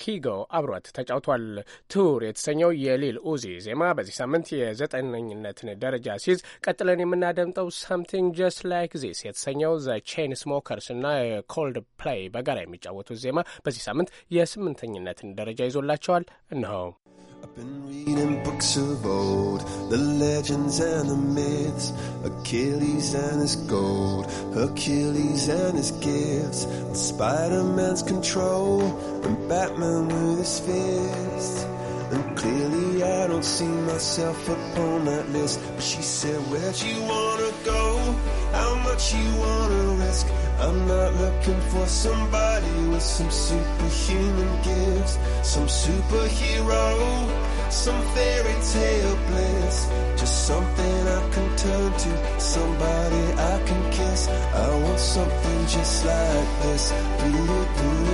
ኪጎ አብሯት ተጫውቷል። ቱር የተሰኘው የሊል ኡዚ ዜማ በዚህ ሳምንት የዘጠነኝነትን ደረጃ ሲይዝ፣ ቀጥለን የምናደምጠው ሳምቲንግ ጀስት ላይክ ዚስ የተሰኘው ዘ ቼን ስሞከርስ እና የኮልድ ፕላይ በጋራ የሚጫወቱት ዜማ በዚህ ሳምንት የስምንተኝነትን ደረጃ ይዞላቸዋል። እነሆ I've been reading books of old, the legends and the myths, Achilles and his gold, Hercules and his gifts, Spider Man's control, and Batman with his fists. And clearly I don't see myself upon that list. But she said, where'd you wanna go? How much you wanna risk? I'm not looking for somebody with some superhuman gifts, some superhero, some fairy tale bliss. Just something I can turn to, somebody I can kiss. I want something just like this. Do, do, do.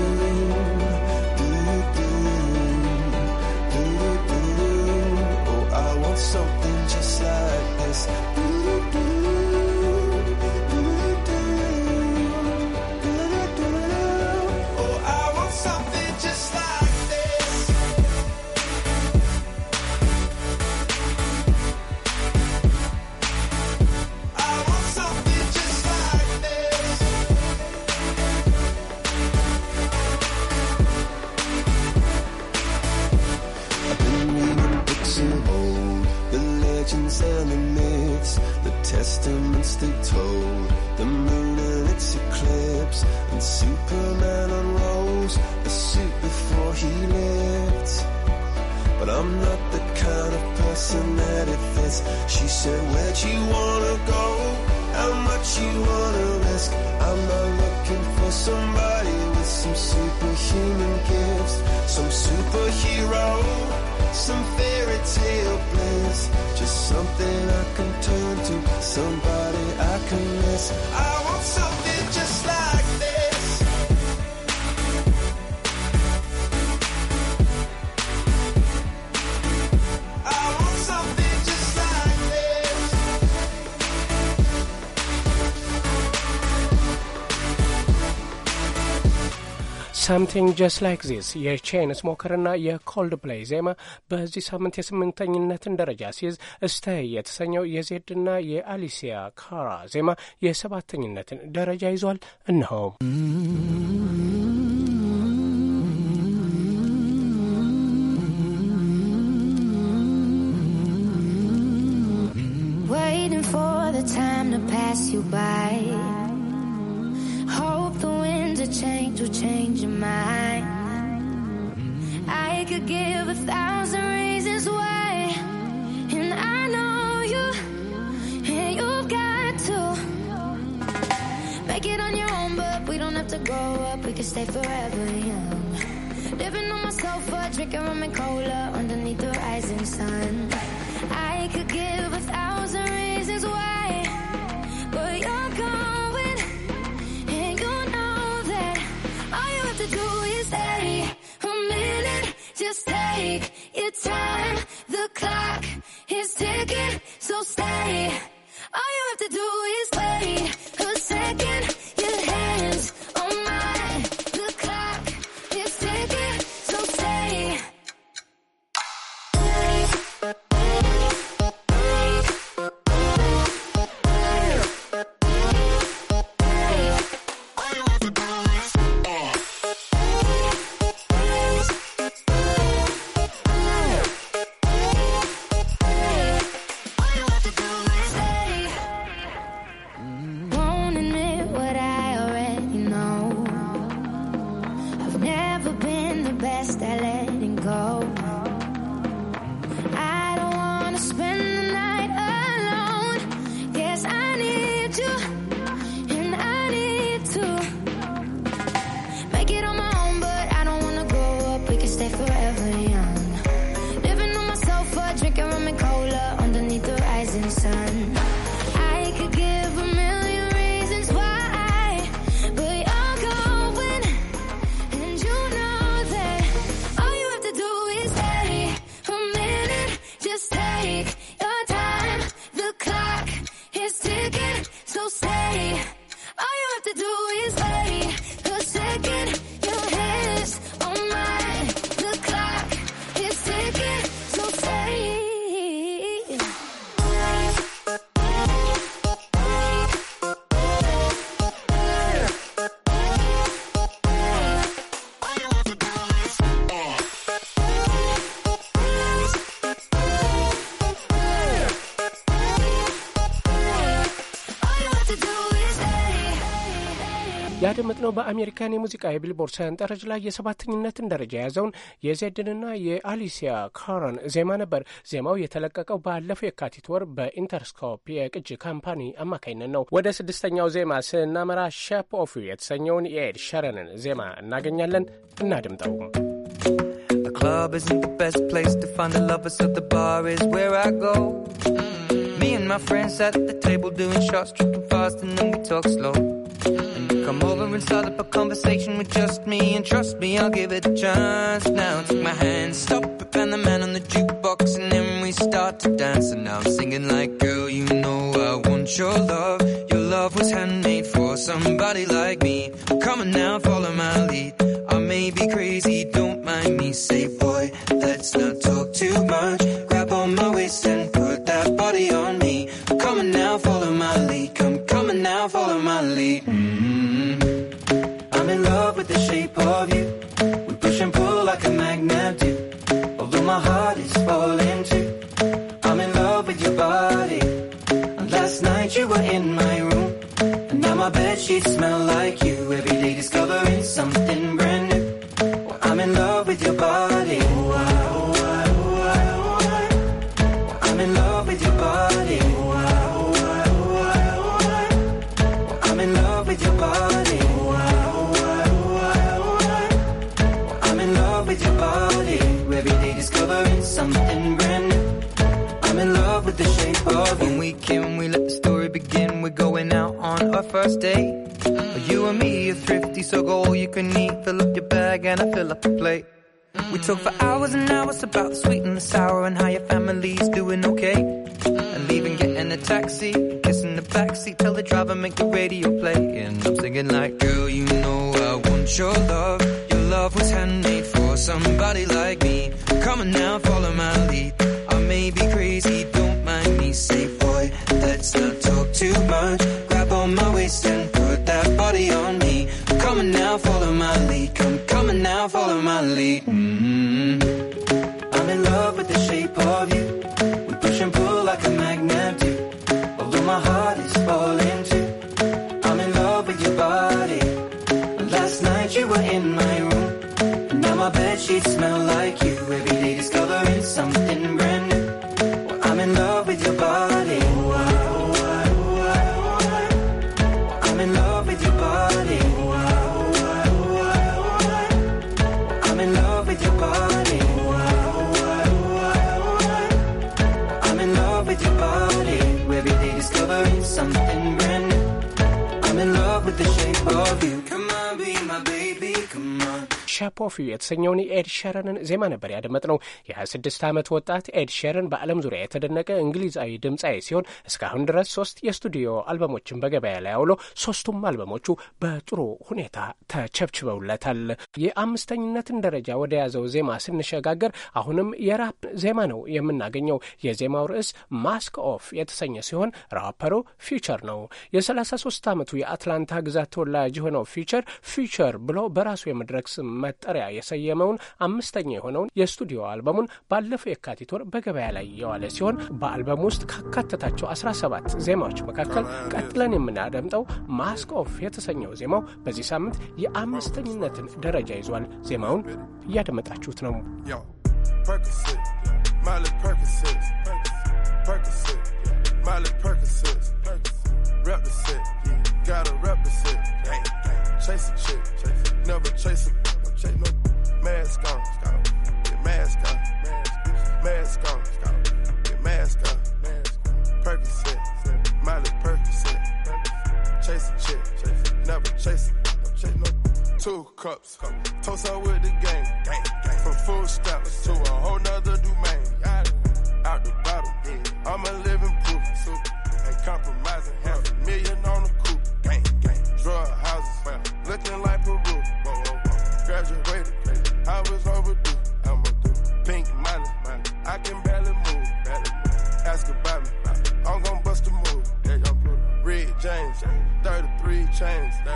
something just like this. telling myths, the testaments they told, the moon and its eclipse, and Superman unrolls a suit before he lived. But I'm not the kind of person that it fits. She said, Where'd you wanna go? How much you wanna risk? I'm not looking for somebody with some superhuman gifts, some superhero, some fairy tale bliss miss. Just something I can turn to, somebody I can miss. I want something just. ሳምቲንግ ጀስት ላይክ ዚስ የቼን ስሞከርና የኮልድ ፕሌይ ዜማ በዚህ ሳምንት የስምንተኝነትን ደረጃ ሲይዝ ስቴይ የተሰኘው የዜድና የአሊሲያ ካራ ዜማ የሰባተኝነትን ደረጃ ይዟል። እነሆ Waiting for the time to pass you by Hope the winds of change will change your mind. I could give a thousand reasons why, and I know you, and you've got to make it on your own. But we don't have to grow up; we can stay forever young. Living on my sofa, drinking rum and cola underneath the rising sun. I could give a thousand reasons why. Just take your time. The clock is ticking, so stay. All you have to do is wait a second. ያደመጥነው በአሜሪካን የሙዚቃ የቢልቦርድ ሰንጠረዥ ላይ የሰባተኝነትን ደረጃ የያዘውን የዜድንና የአሊሲያ ካረን ዜማ ነበር። ዜማው የተለቀቀው ባለፈው የካቲት ወር በኢንተርስኮፕ የቅጅ ካምፓኒ አማካኝነት ነው። ወደ ስድስተኛው ዜማ ስናመራ ሼፕ ኦፍ ዩ የተሰኘውን የኤድ ሸረንን ዜማ እናገኛለን። እናድምጠው። club isn't the best place to find the lovers, so the bar is where I go. Mm -hmm. Me and my friends at the table doing shots, tripping fast, and then we talk slow. Come over and start up a conversation with just me, and trust me, I'll give it a chance. Now take my hand, stop it, and the man on the jukebox, and then we start to dance. And now I'm singing like, girl, you know I want your love. Your love was handmade for somebody like me. Come on now, follow my lead. I may be crazy, don't mind me. Say, boy, let's not sheets smell like you. Every day discovering something brand new. Well, I'm in love with your body. I, I, I, I. Well, I'm in love with your body. I, I, I, I. Well, I'm in love with your body. I, I, I, I. Well, I'm in love with your body. Every day discovering something brand new. I'm in love with the shape of you. can, we let the story begin. We're going out on our first date so go all you can eat. Fill up your bag and I fill up the plate. We talk for hours and hours about the sweet and the sour and how your family's doing okay. And leaving, getting a taxi, kissing the backseat, tell the driver make the radio play. And I'm singing like, girl, you know I want your love. Your love was handmade for somebody like me. Come on now, follow my lead. I may be crazy, don't mind me. Say, boy, let's not talk too much follow my lead. ሻፖፍ የተሰኘውን የኤድ ሸረንን ዜማ ነበር ያደመጥነው። የ26 ዓመት ወጣት ኤድ ሸረን በዓለም ዙሪያ የተደነቀ እንግሊዛዊ ድምፃዊ ሲሆን እስካሁን ድረስ ሶስት የስቱዲዮ አልበሞችን በገበያ ላይ አውሎ ሶስቱም አልበሞቹ በጥሩ ሁኔታ ተቸብችበውለታል። የአምስተኝነትን ደረጃ ወደ ያዘው ዜማ ስንሸጋገር አሁንም የራፕ ዜማ ነው የምናገኘው። የዜማው ርዕስ ማስክ ኦፍ የተሰኘ ሲሆን ራፐሩ ፊውቸር ነው። የ33 ዓመቱ የአትላንታ ግዛት ተወላጅ የሆነው ፊውቸር ፊውቸር ብሎ በራሱ የመድረክ ስም መጠሪያ የሰየመውን አምስተኛ የሆነውን የስቱዲዮ አልበሙን ባለፈው የካቲት ወር በገበያ ላይ የዋለ ሲሆን በአልበሙ ውስጥ ካካተታቸው 17 ዜማዎች መካከል ቀጥለን የምናደምጠው ማስክ ኦፍ የተሰኘው ዜማው በዚህ ሳምንት የአምስተኝነትን ደረጃ ይዟል። ዜማውን እያደመጣችሁት ነው። represent, gotta represent. Chase a chick, never chase a. Take no mask on. Get mask on. Mask on. Get mask on. Percocet. Miley Percocet. Chase a chick. Never chase it. No Two cups. Toast out with the game. From food stamps to a whole nother domain. Out the bottle. I'm a living proof. Ain't compromising. overdue. I'm a through. Pink money, money. I can barely move. Barely move. Ask about me. I'm gon' bust a move. Red James, 33 chains. 33.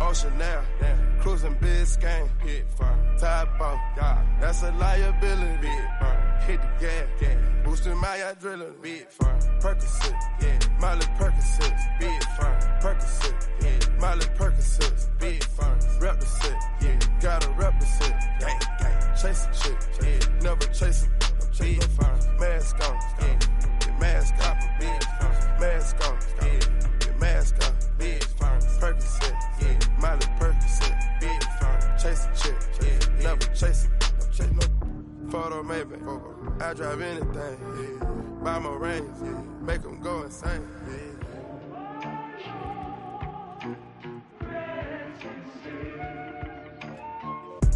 Ocean now. Damn. Cruising Biscayne, hit fire. Top off, yeah, that's a liability. Big fire. Hit the gas, yeah. Boosting my adrenaline, big fire. Percocet, yeah. Molly Percocet, big fire. Percocet, yeah. Molly Percocet, big fire. Represent, yeah. Gotta represent, gang, gang. Chase a chick, yeah. Never chase a big fire. Mask on, yeah. Your mask off, big fire. Mask on, yeah. Your mask off, big fire. Percocet, yeah. Molly chasing, I'm chasing no photo, I drive anything, buy my range, make them go insane.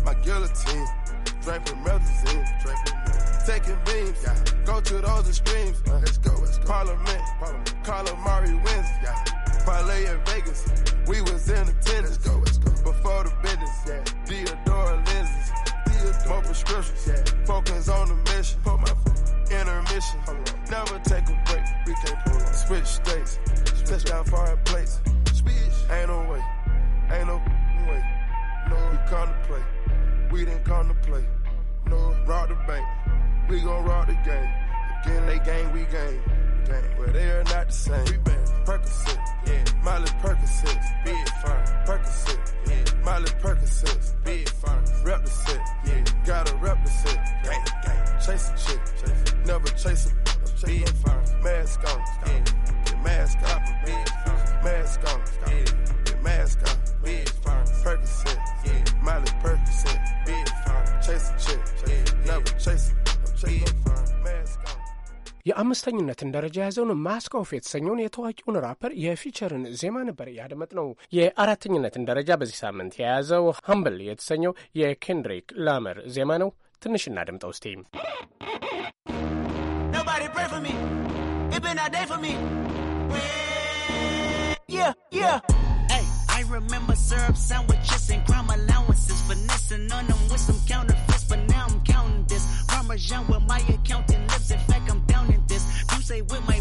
My guillotine, draping medicine, draping taking beams, go to those extremes. let's go, let's go. Parliament, Parliament. Carla wins. Yeah. Parlay in Vegas. We was in attendance. Let's go, let's go. Before the business. Yeah. Theodora lenses. Theodora. More prescriptions. Yeah. Focus on the mission. Put my Intermission. Never take a break. We can't pull on. Switch states. Switch down fire plates. Switch. Ain't no way. Ain't no way. No, we play. We didn't come to play. No, rock the bank. We gon' rock the game. Again, they game, we game. Game. Well, they are not the same. We Percocet, yeah. Miley Percocet, be it fine. Percocet, yeah. Miley Percocet, be it fine. Rep the set, yeah. Gotta rep the set, gang, gang. Chase a chick, chase never chase a be it fine. Mask on, yeah. Get mask on, be it fine. Mask on, yeah. Get mask on, be it Percocet, yeah. Miley Percocet, be it Chase a chick, chase yeah. never chase a be it fine. Mask የአምስተኝነትን ደረጃ የያዘውን ማስክ የተሰኘውን የታዋቂውን ራፐር የፊቸርን ዜማ ነበር ያደመጥ ነው። የአራተኝነትን ደረጃ በዚህ ሳምንት የያዘው ሀምብል የተሰኘው የኬንድሪክ ላመር ዜማ ነው። ትንሽ እናድምጠው እስቲ። I remember syrup sandwiches and crime allowances, finessing on them with some counterfeits, but now I'm i with my accountant lips. In fact, I'm down in this. You say with my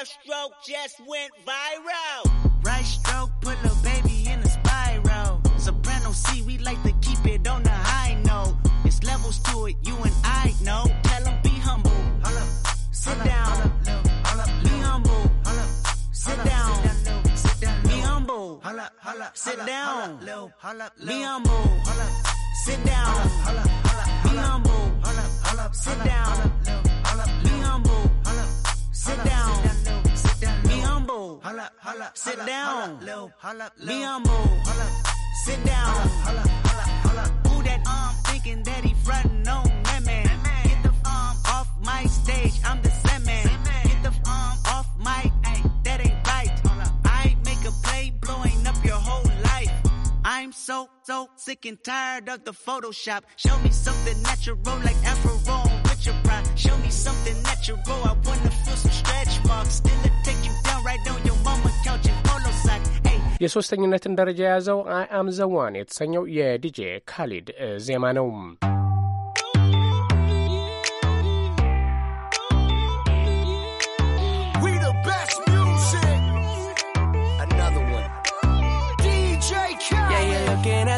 left stroke just went viral. Right stroke put a baby in a spiral. Soprano C, we like to keep it on the high note. It's levels to it, you and I know. Tell them be humble. Hold up. Sit hold down. Hold up, hold up, be humble. Hold up. Sit hold down. Up, down, sit down be humble. sit down. Be humble. Sit down. be humble. sit down. sit down. Me on move, sit down. Who that i arm thinking that he frontin' on that man? Get the arm off my stage, I'm the same man. Get the arm off my, ay, that ain't right. I make a play blowing up your whole life. I'm so, so sick and tired of the Photoshop. Show me something natural like Afro with your pride. Show me something natural, I wanna feel some stretch marks. Still take you down right now. የሦስተኝነትን ደረጃ የያዘው አይ አም ዘዋን የተሰኘው የዲጄ ካሊድ ዜማ ነው።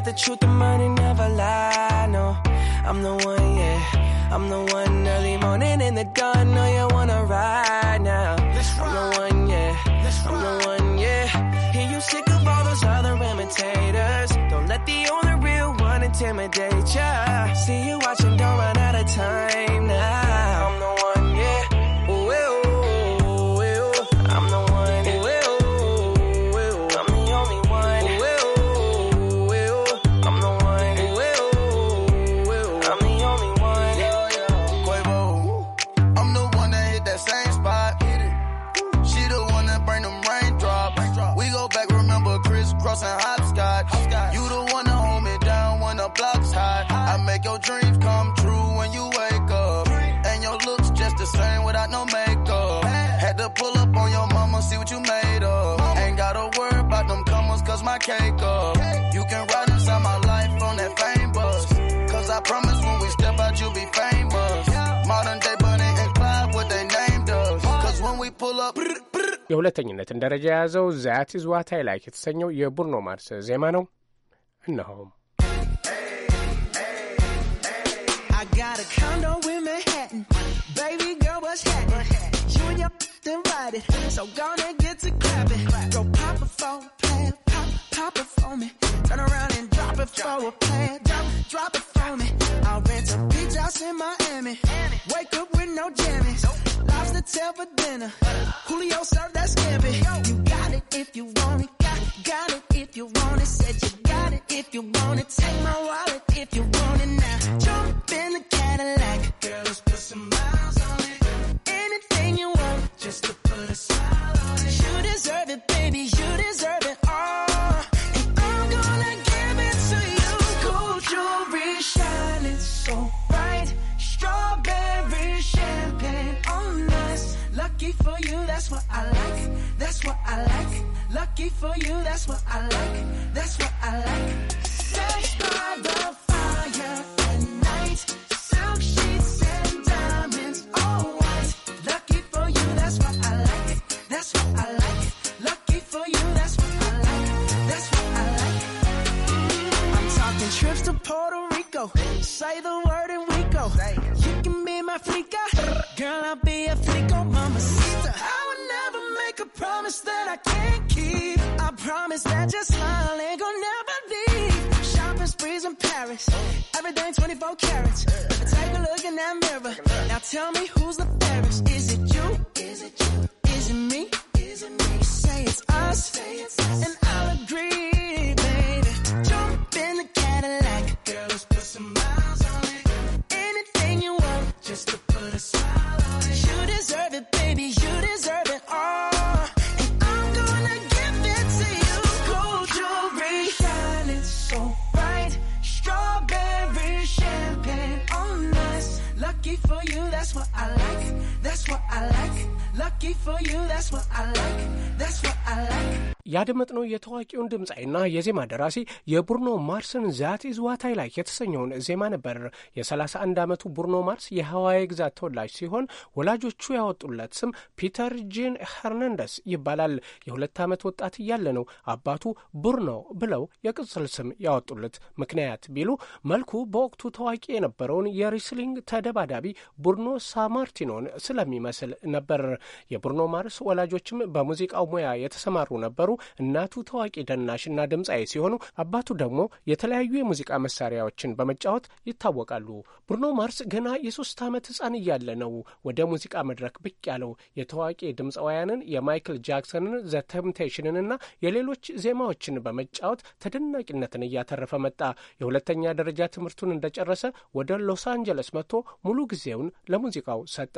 The truth, the money never lie. No, I'm the one, yeah. I'm the one early morning in the dawn. No, you wanna ride now. I'm the one, yeah. I'm the one other imitators. Don't let the only real one intimidate ya. See you watch በሁለተኝነትን ደረጃ የያዘው ዛት ኢዝ ላይክ የተሰኘው የቡርኖ ማርስ ዜማ ነው። እነሆም Pop it for me. Turn around and drop it drop for it. a plan. Drop, drop it for me. I'll rent a beach house in Miami. Wake up with no jammies. Lobster tail for dinner. Julio served that scampi. You got it if you want it. Got, got it if you want it. Said you got it if you want it. Take my wallet if you want it now. Jump in the Cadillac. Girl, let's put some miles on it. Anything you want. Just to put a smile on it. You deserve it, baby. You deserve it for you, that's what I like. That's what I like. Lucky for you, that's what I like. That's what I like. Search by the carrots. Everything 24 carats. Take a look in that mirror. Now tell me who's the for you, that's what I like. ያደመጥነው የታዋቂውን ድምፃዊና የዜማ ደራሲ የቡርኖ ማርስን ዛት ኢዝ ላይ የተሰኘውን ዜማ ነበር። የ31 ዓመቱ ቡርኖ ማርስ የሀዋይ ግዛት ተወላጅ ሲሆን ወላጆቹ ያወጡለት ስም ፒተር ጂን ሄርናንደስ ይባላል። የሁለት ዓመት ወጣት እያለ ነው አባቱ ቡርኖ ብለው የቅጽል ስም ያወጡለት። ምክንያት ቢሉ መልኩ በወቅቱ ታዋቂ የነበረውን የሪስሊንግ ተደባዳቢ ቡርኖ ሳማርቲኖን ስለሚመስል ነበር። የቡርኖ ማርስ ወላጆችም በሙዚቃው ሙያ የተሰማሩ ነበሩ። እናቱ ታዋቂ ደናሽና ድምፃዊ ሲሆኑ አባቱ ደግሞ የተለያዩ የሙዚቃ መሳሪያዎችን በመጫወት ይታወቃሉ። ብሩኖ ማርስ ገና የሶስት ዓመት ህፃን እያለ ነው ወደ ሙዚቃ መድረክ ብቅ ያለው። የታዋቂ ድምፃውያንን የማይክል ጃክሰንን ዘ ተምፕቴሽንንና የሌሎች ዜማዎችን በመጫወት ተደናቂነትን እያተረፈ መጣ። የሁለተኛ ደረጃ ትምህርቱን እንደጨረሰ ወደ ሎስ አንጀለስ መጥቶ ሙሉ ጊዜውን ለሙዚቃው ሰጠ።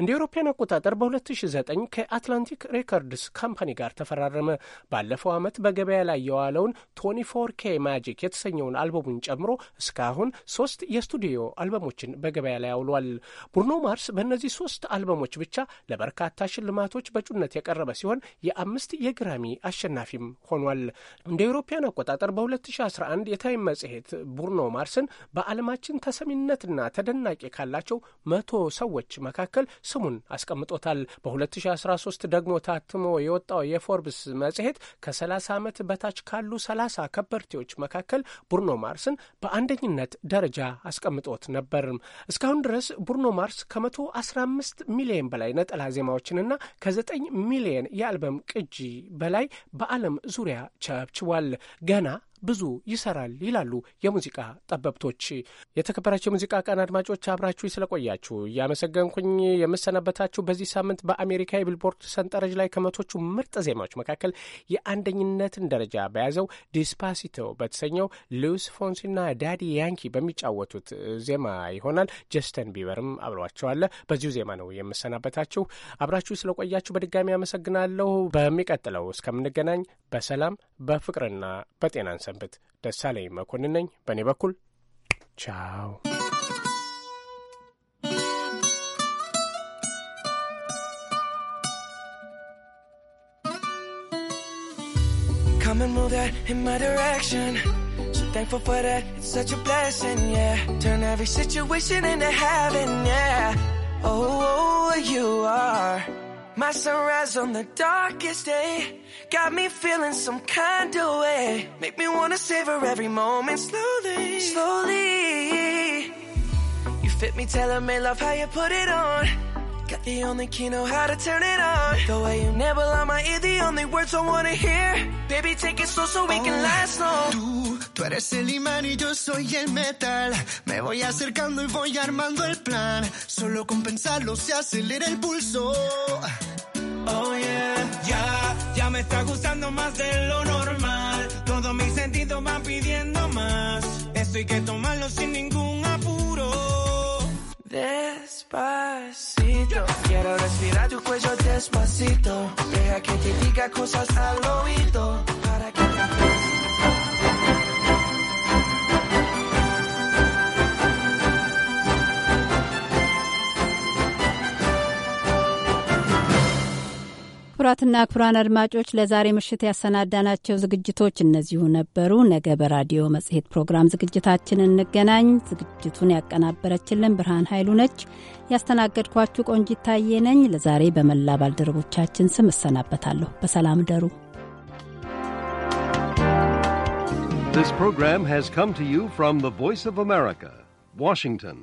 እንደ አውሮፓውያን አቆጣጠር በ2009 ከአትላንቲክ ሬከርድስ ካምፓኒ ጋር ተፈራረመ። ባለፈው ዓመት በገበያ ላይ የዋለውን ቶኒ ፎር ኬ ማጂክ የተሰኘውን አልበሙን ጨምሮ እስካሁን ሶስት የስቱዲዮ አልበሞችን በገበያ ላይ አውሏል። ቡርኖ ማርስ በእነዚህ ሶስት አልበሞች ብቻ ለበርካታ ሽልማቶች በእጩነት የቀረበ ሲሆን የአምስት የግራሚ አሸናፊም ሆኗል። እንደ አውሮፓውያን አቆጣጠር በ2011 የታይም መጽሔት ቡርኖ ማርስን በዓለማችን ተሰሚነትና ተደናቂ ካላቸው መቶ ሰዎች መካከል ስሙን አስቀምጦታል። በ2013 ደግሞ ታትሞ የወጣው የፎርብስ መጽሔት ቤት ከ30 ዓመት በታች ካሉ 30 ከበርቴዎች መካከል ቡርኖ ማርስን በአንደኝነት ደረጃ አስቀምጦት ነበር። እስካሁን ድረስ ቡርኖ ማርስ ከ115 ሚሊዮን በላይ ነጠላ ዜማዎችንና ከ9 ሚሊዮን የአልበም ቅጂ በላይ በዓለም ዙሪያ ቸብችቧል። ገና ብዙ ይሰራል ይላሉ የሙዚቃ ጠበብቶች። የተከበራቸው የሙዚቃ ቀን አድማጮች አብራችሁ ስለቆያችሁ እያመሰገንኩኝ የምሰናበታችሁ በዚህ ሳምንት በአሜሪካ የቢልቦርድ ሰንጠረዥ ላይ ከመቶቹ ምርጥ ዜማዎች መካከል የአንደኝነትን ደረጃ በያዘው ዲስፓሲቶ በተሰኘው ሉዊስ ፎንሲና ዳዲ ያንኪ በሚጫወቱት ዜማ ይሆናል። ጀስተን ቢበርም አብሯቸዋለ። በዚሁ ዜማ ነው የምሰናበታችሁ። አብራችሁ ስለቆያችሁ በድጋሚ አመሰግናለሁ። በሚቀጥለው እስከምንገናኝ በሰላም በፍቅርና በጤና ልሰንብት። ደሳለኝ መኮንን ነኝ። በእኔ በኩል ቻው። Come and move that in my direction. So thankful for that, it's such a blessing, yeah. Turn every situation into heaven, yeah. Oh, oh, oh you are. My sunrise on the darkest day got me feeling some kind of way. Make me wanna savor every moment slowly, slowly. You fit me, tailor made love, how you put it on. the only key, know how to turn it on. The way never my ear, the only words I wanna hear. Baby, take it so we can oh. last long. Tú, tú eres el imán y yo soy el metal. Me voy acercando y voy armando el plan. Solo con pensarlo se acelera el pulso. Oh yeah, ya, ya me está gustando más de lo normal. todo mi sentido va pidiendo más. Esto hay que tomarlo sin ningún Despacito, quiero respirar tu cuello despacito. Deja que te diga cosas al oído para que te ክቡራትና ክቡራን አድማጮች ለዛሬ ምሽት ያሰናዳናቸው ዝግጅቶች እነዚሁ ነበሩ። ነገ በራዲዮ መጽሔት ፕሮግራም ዝግጅታችን እንገናኝ። ዝግጅቱን ያቀናበረችልን ብርሃን ኃይሉ ነች። ያስተናገድኳችሁ ቆንጂት ታዬ ነኝ። ለዛሬ በመላ ባልደረቦቻችን ስም እሰናበታለሁ። በሰላም ደሩ። This program has come to you from the Voice of America, Washington.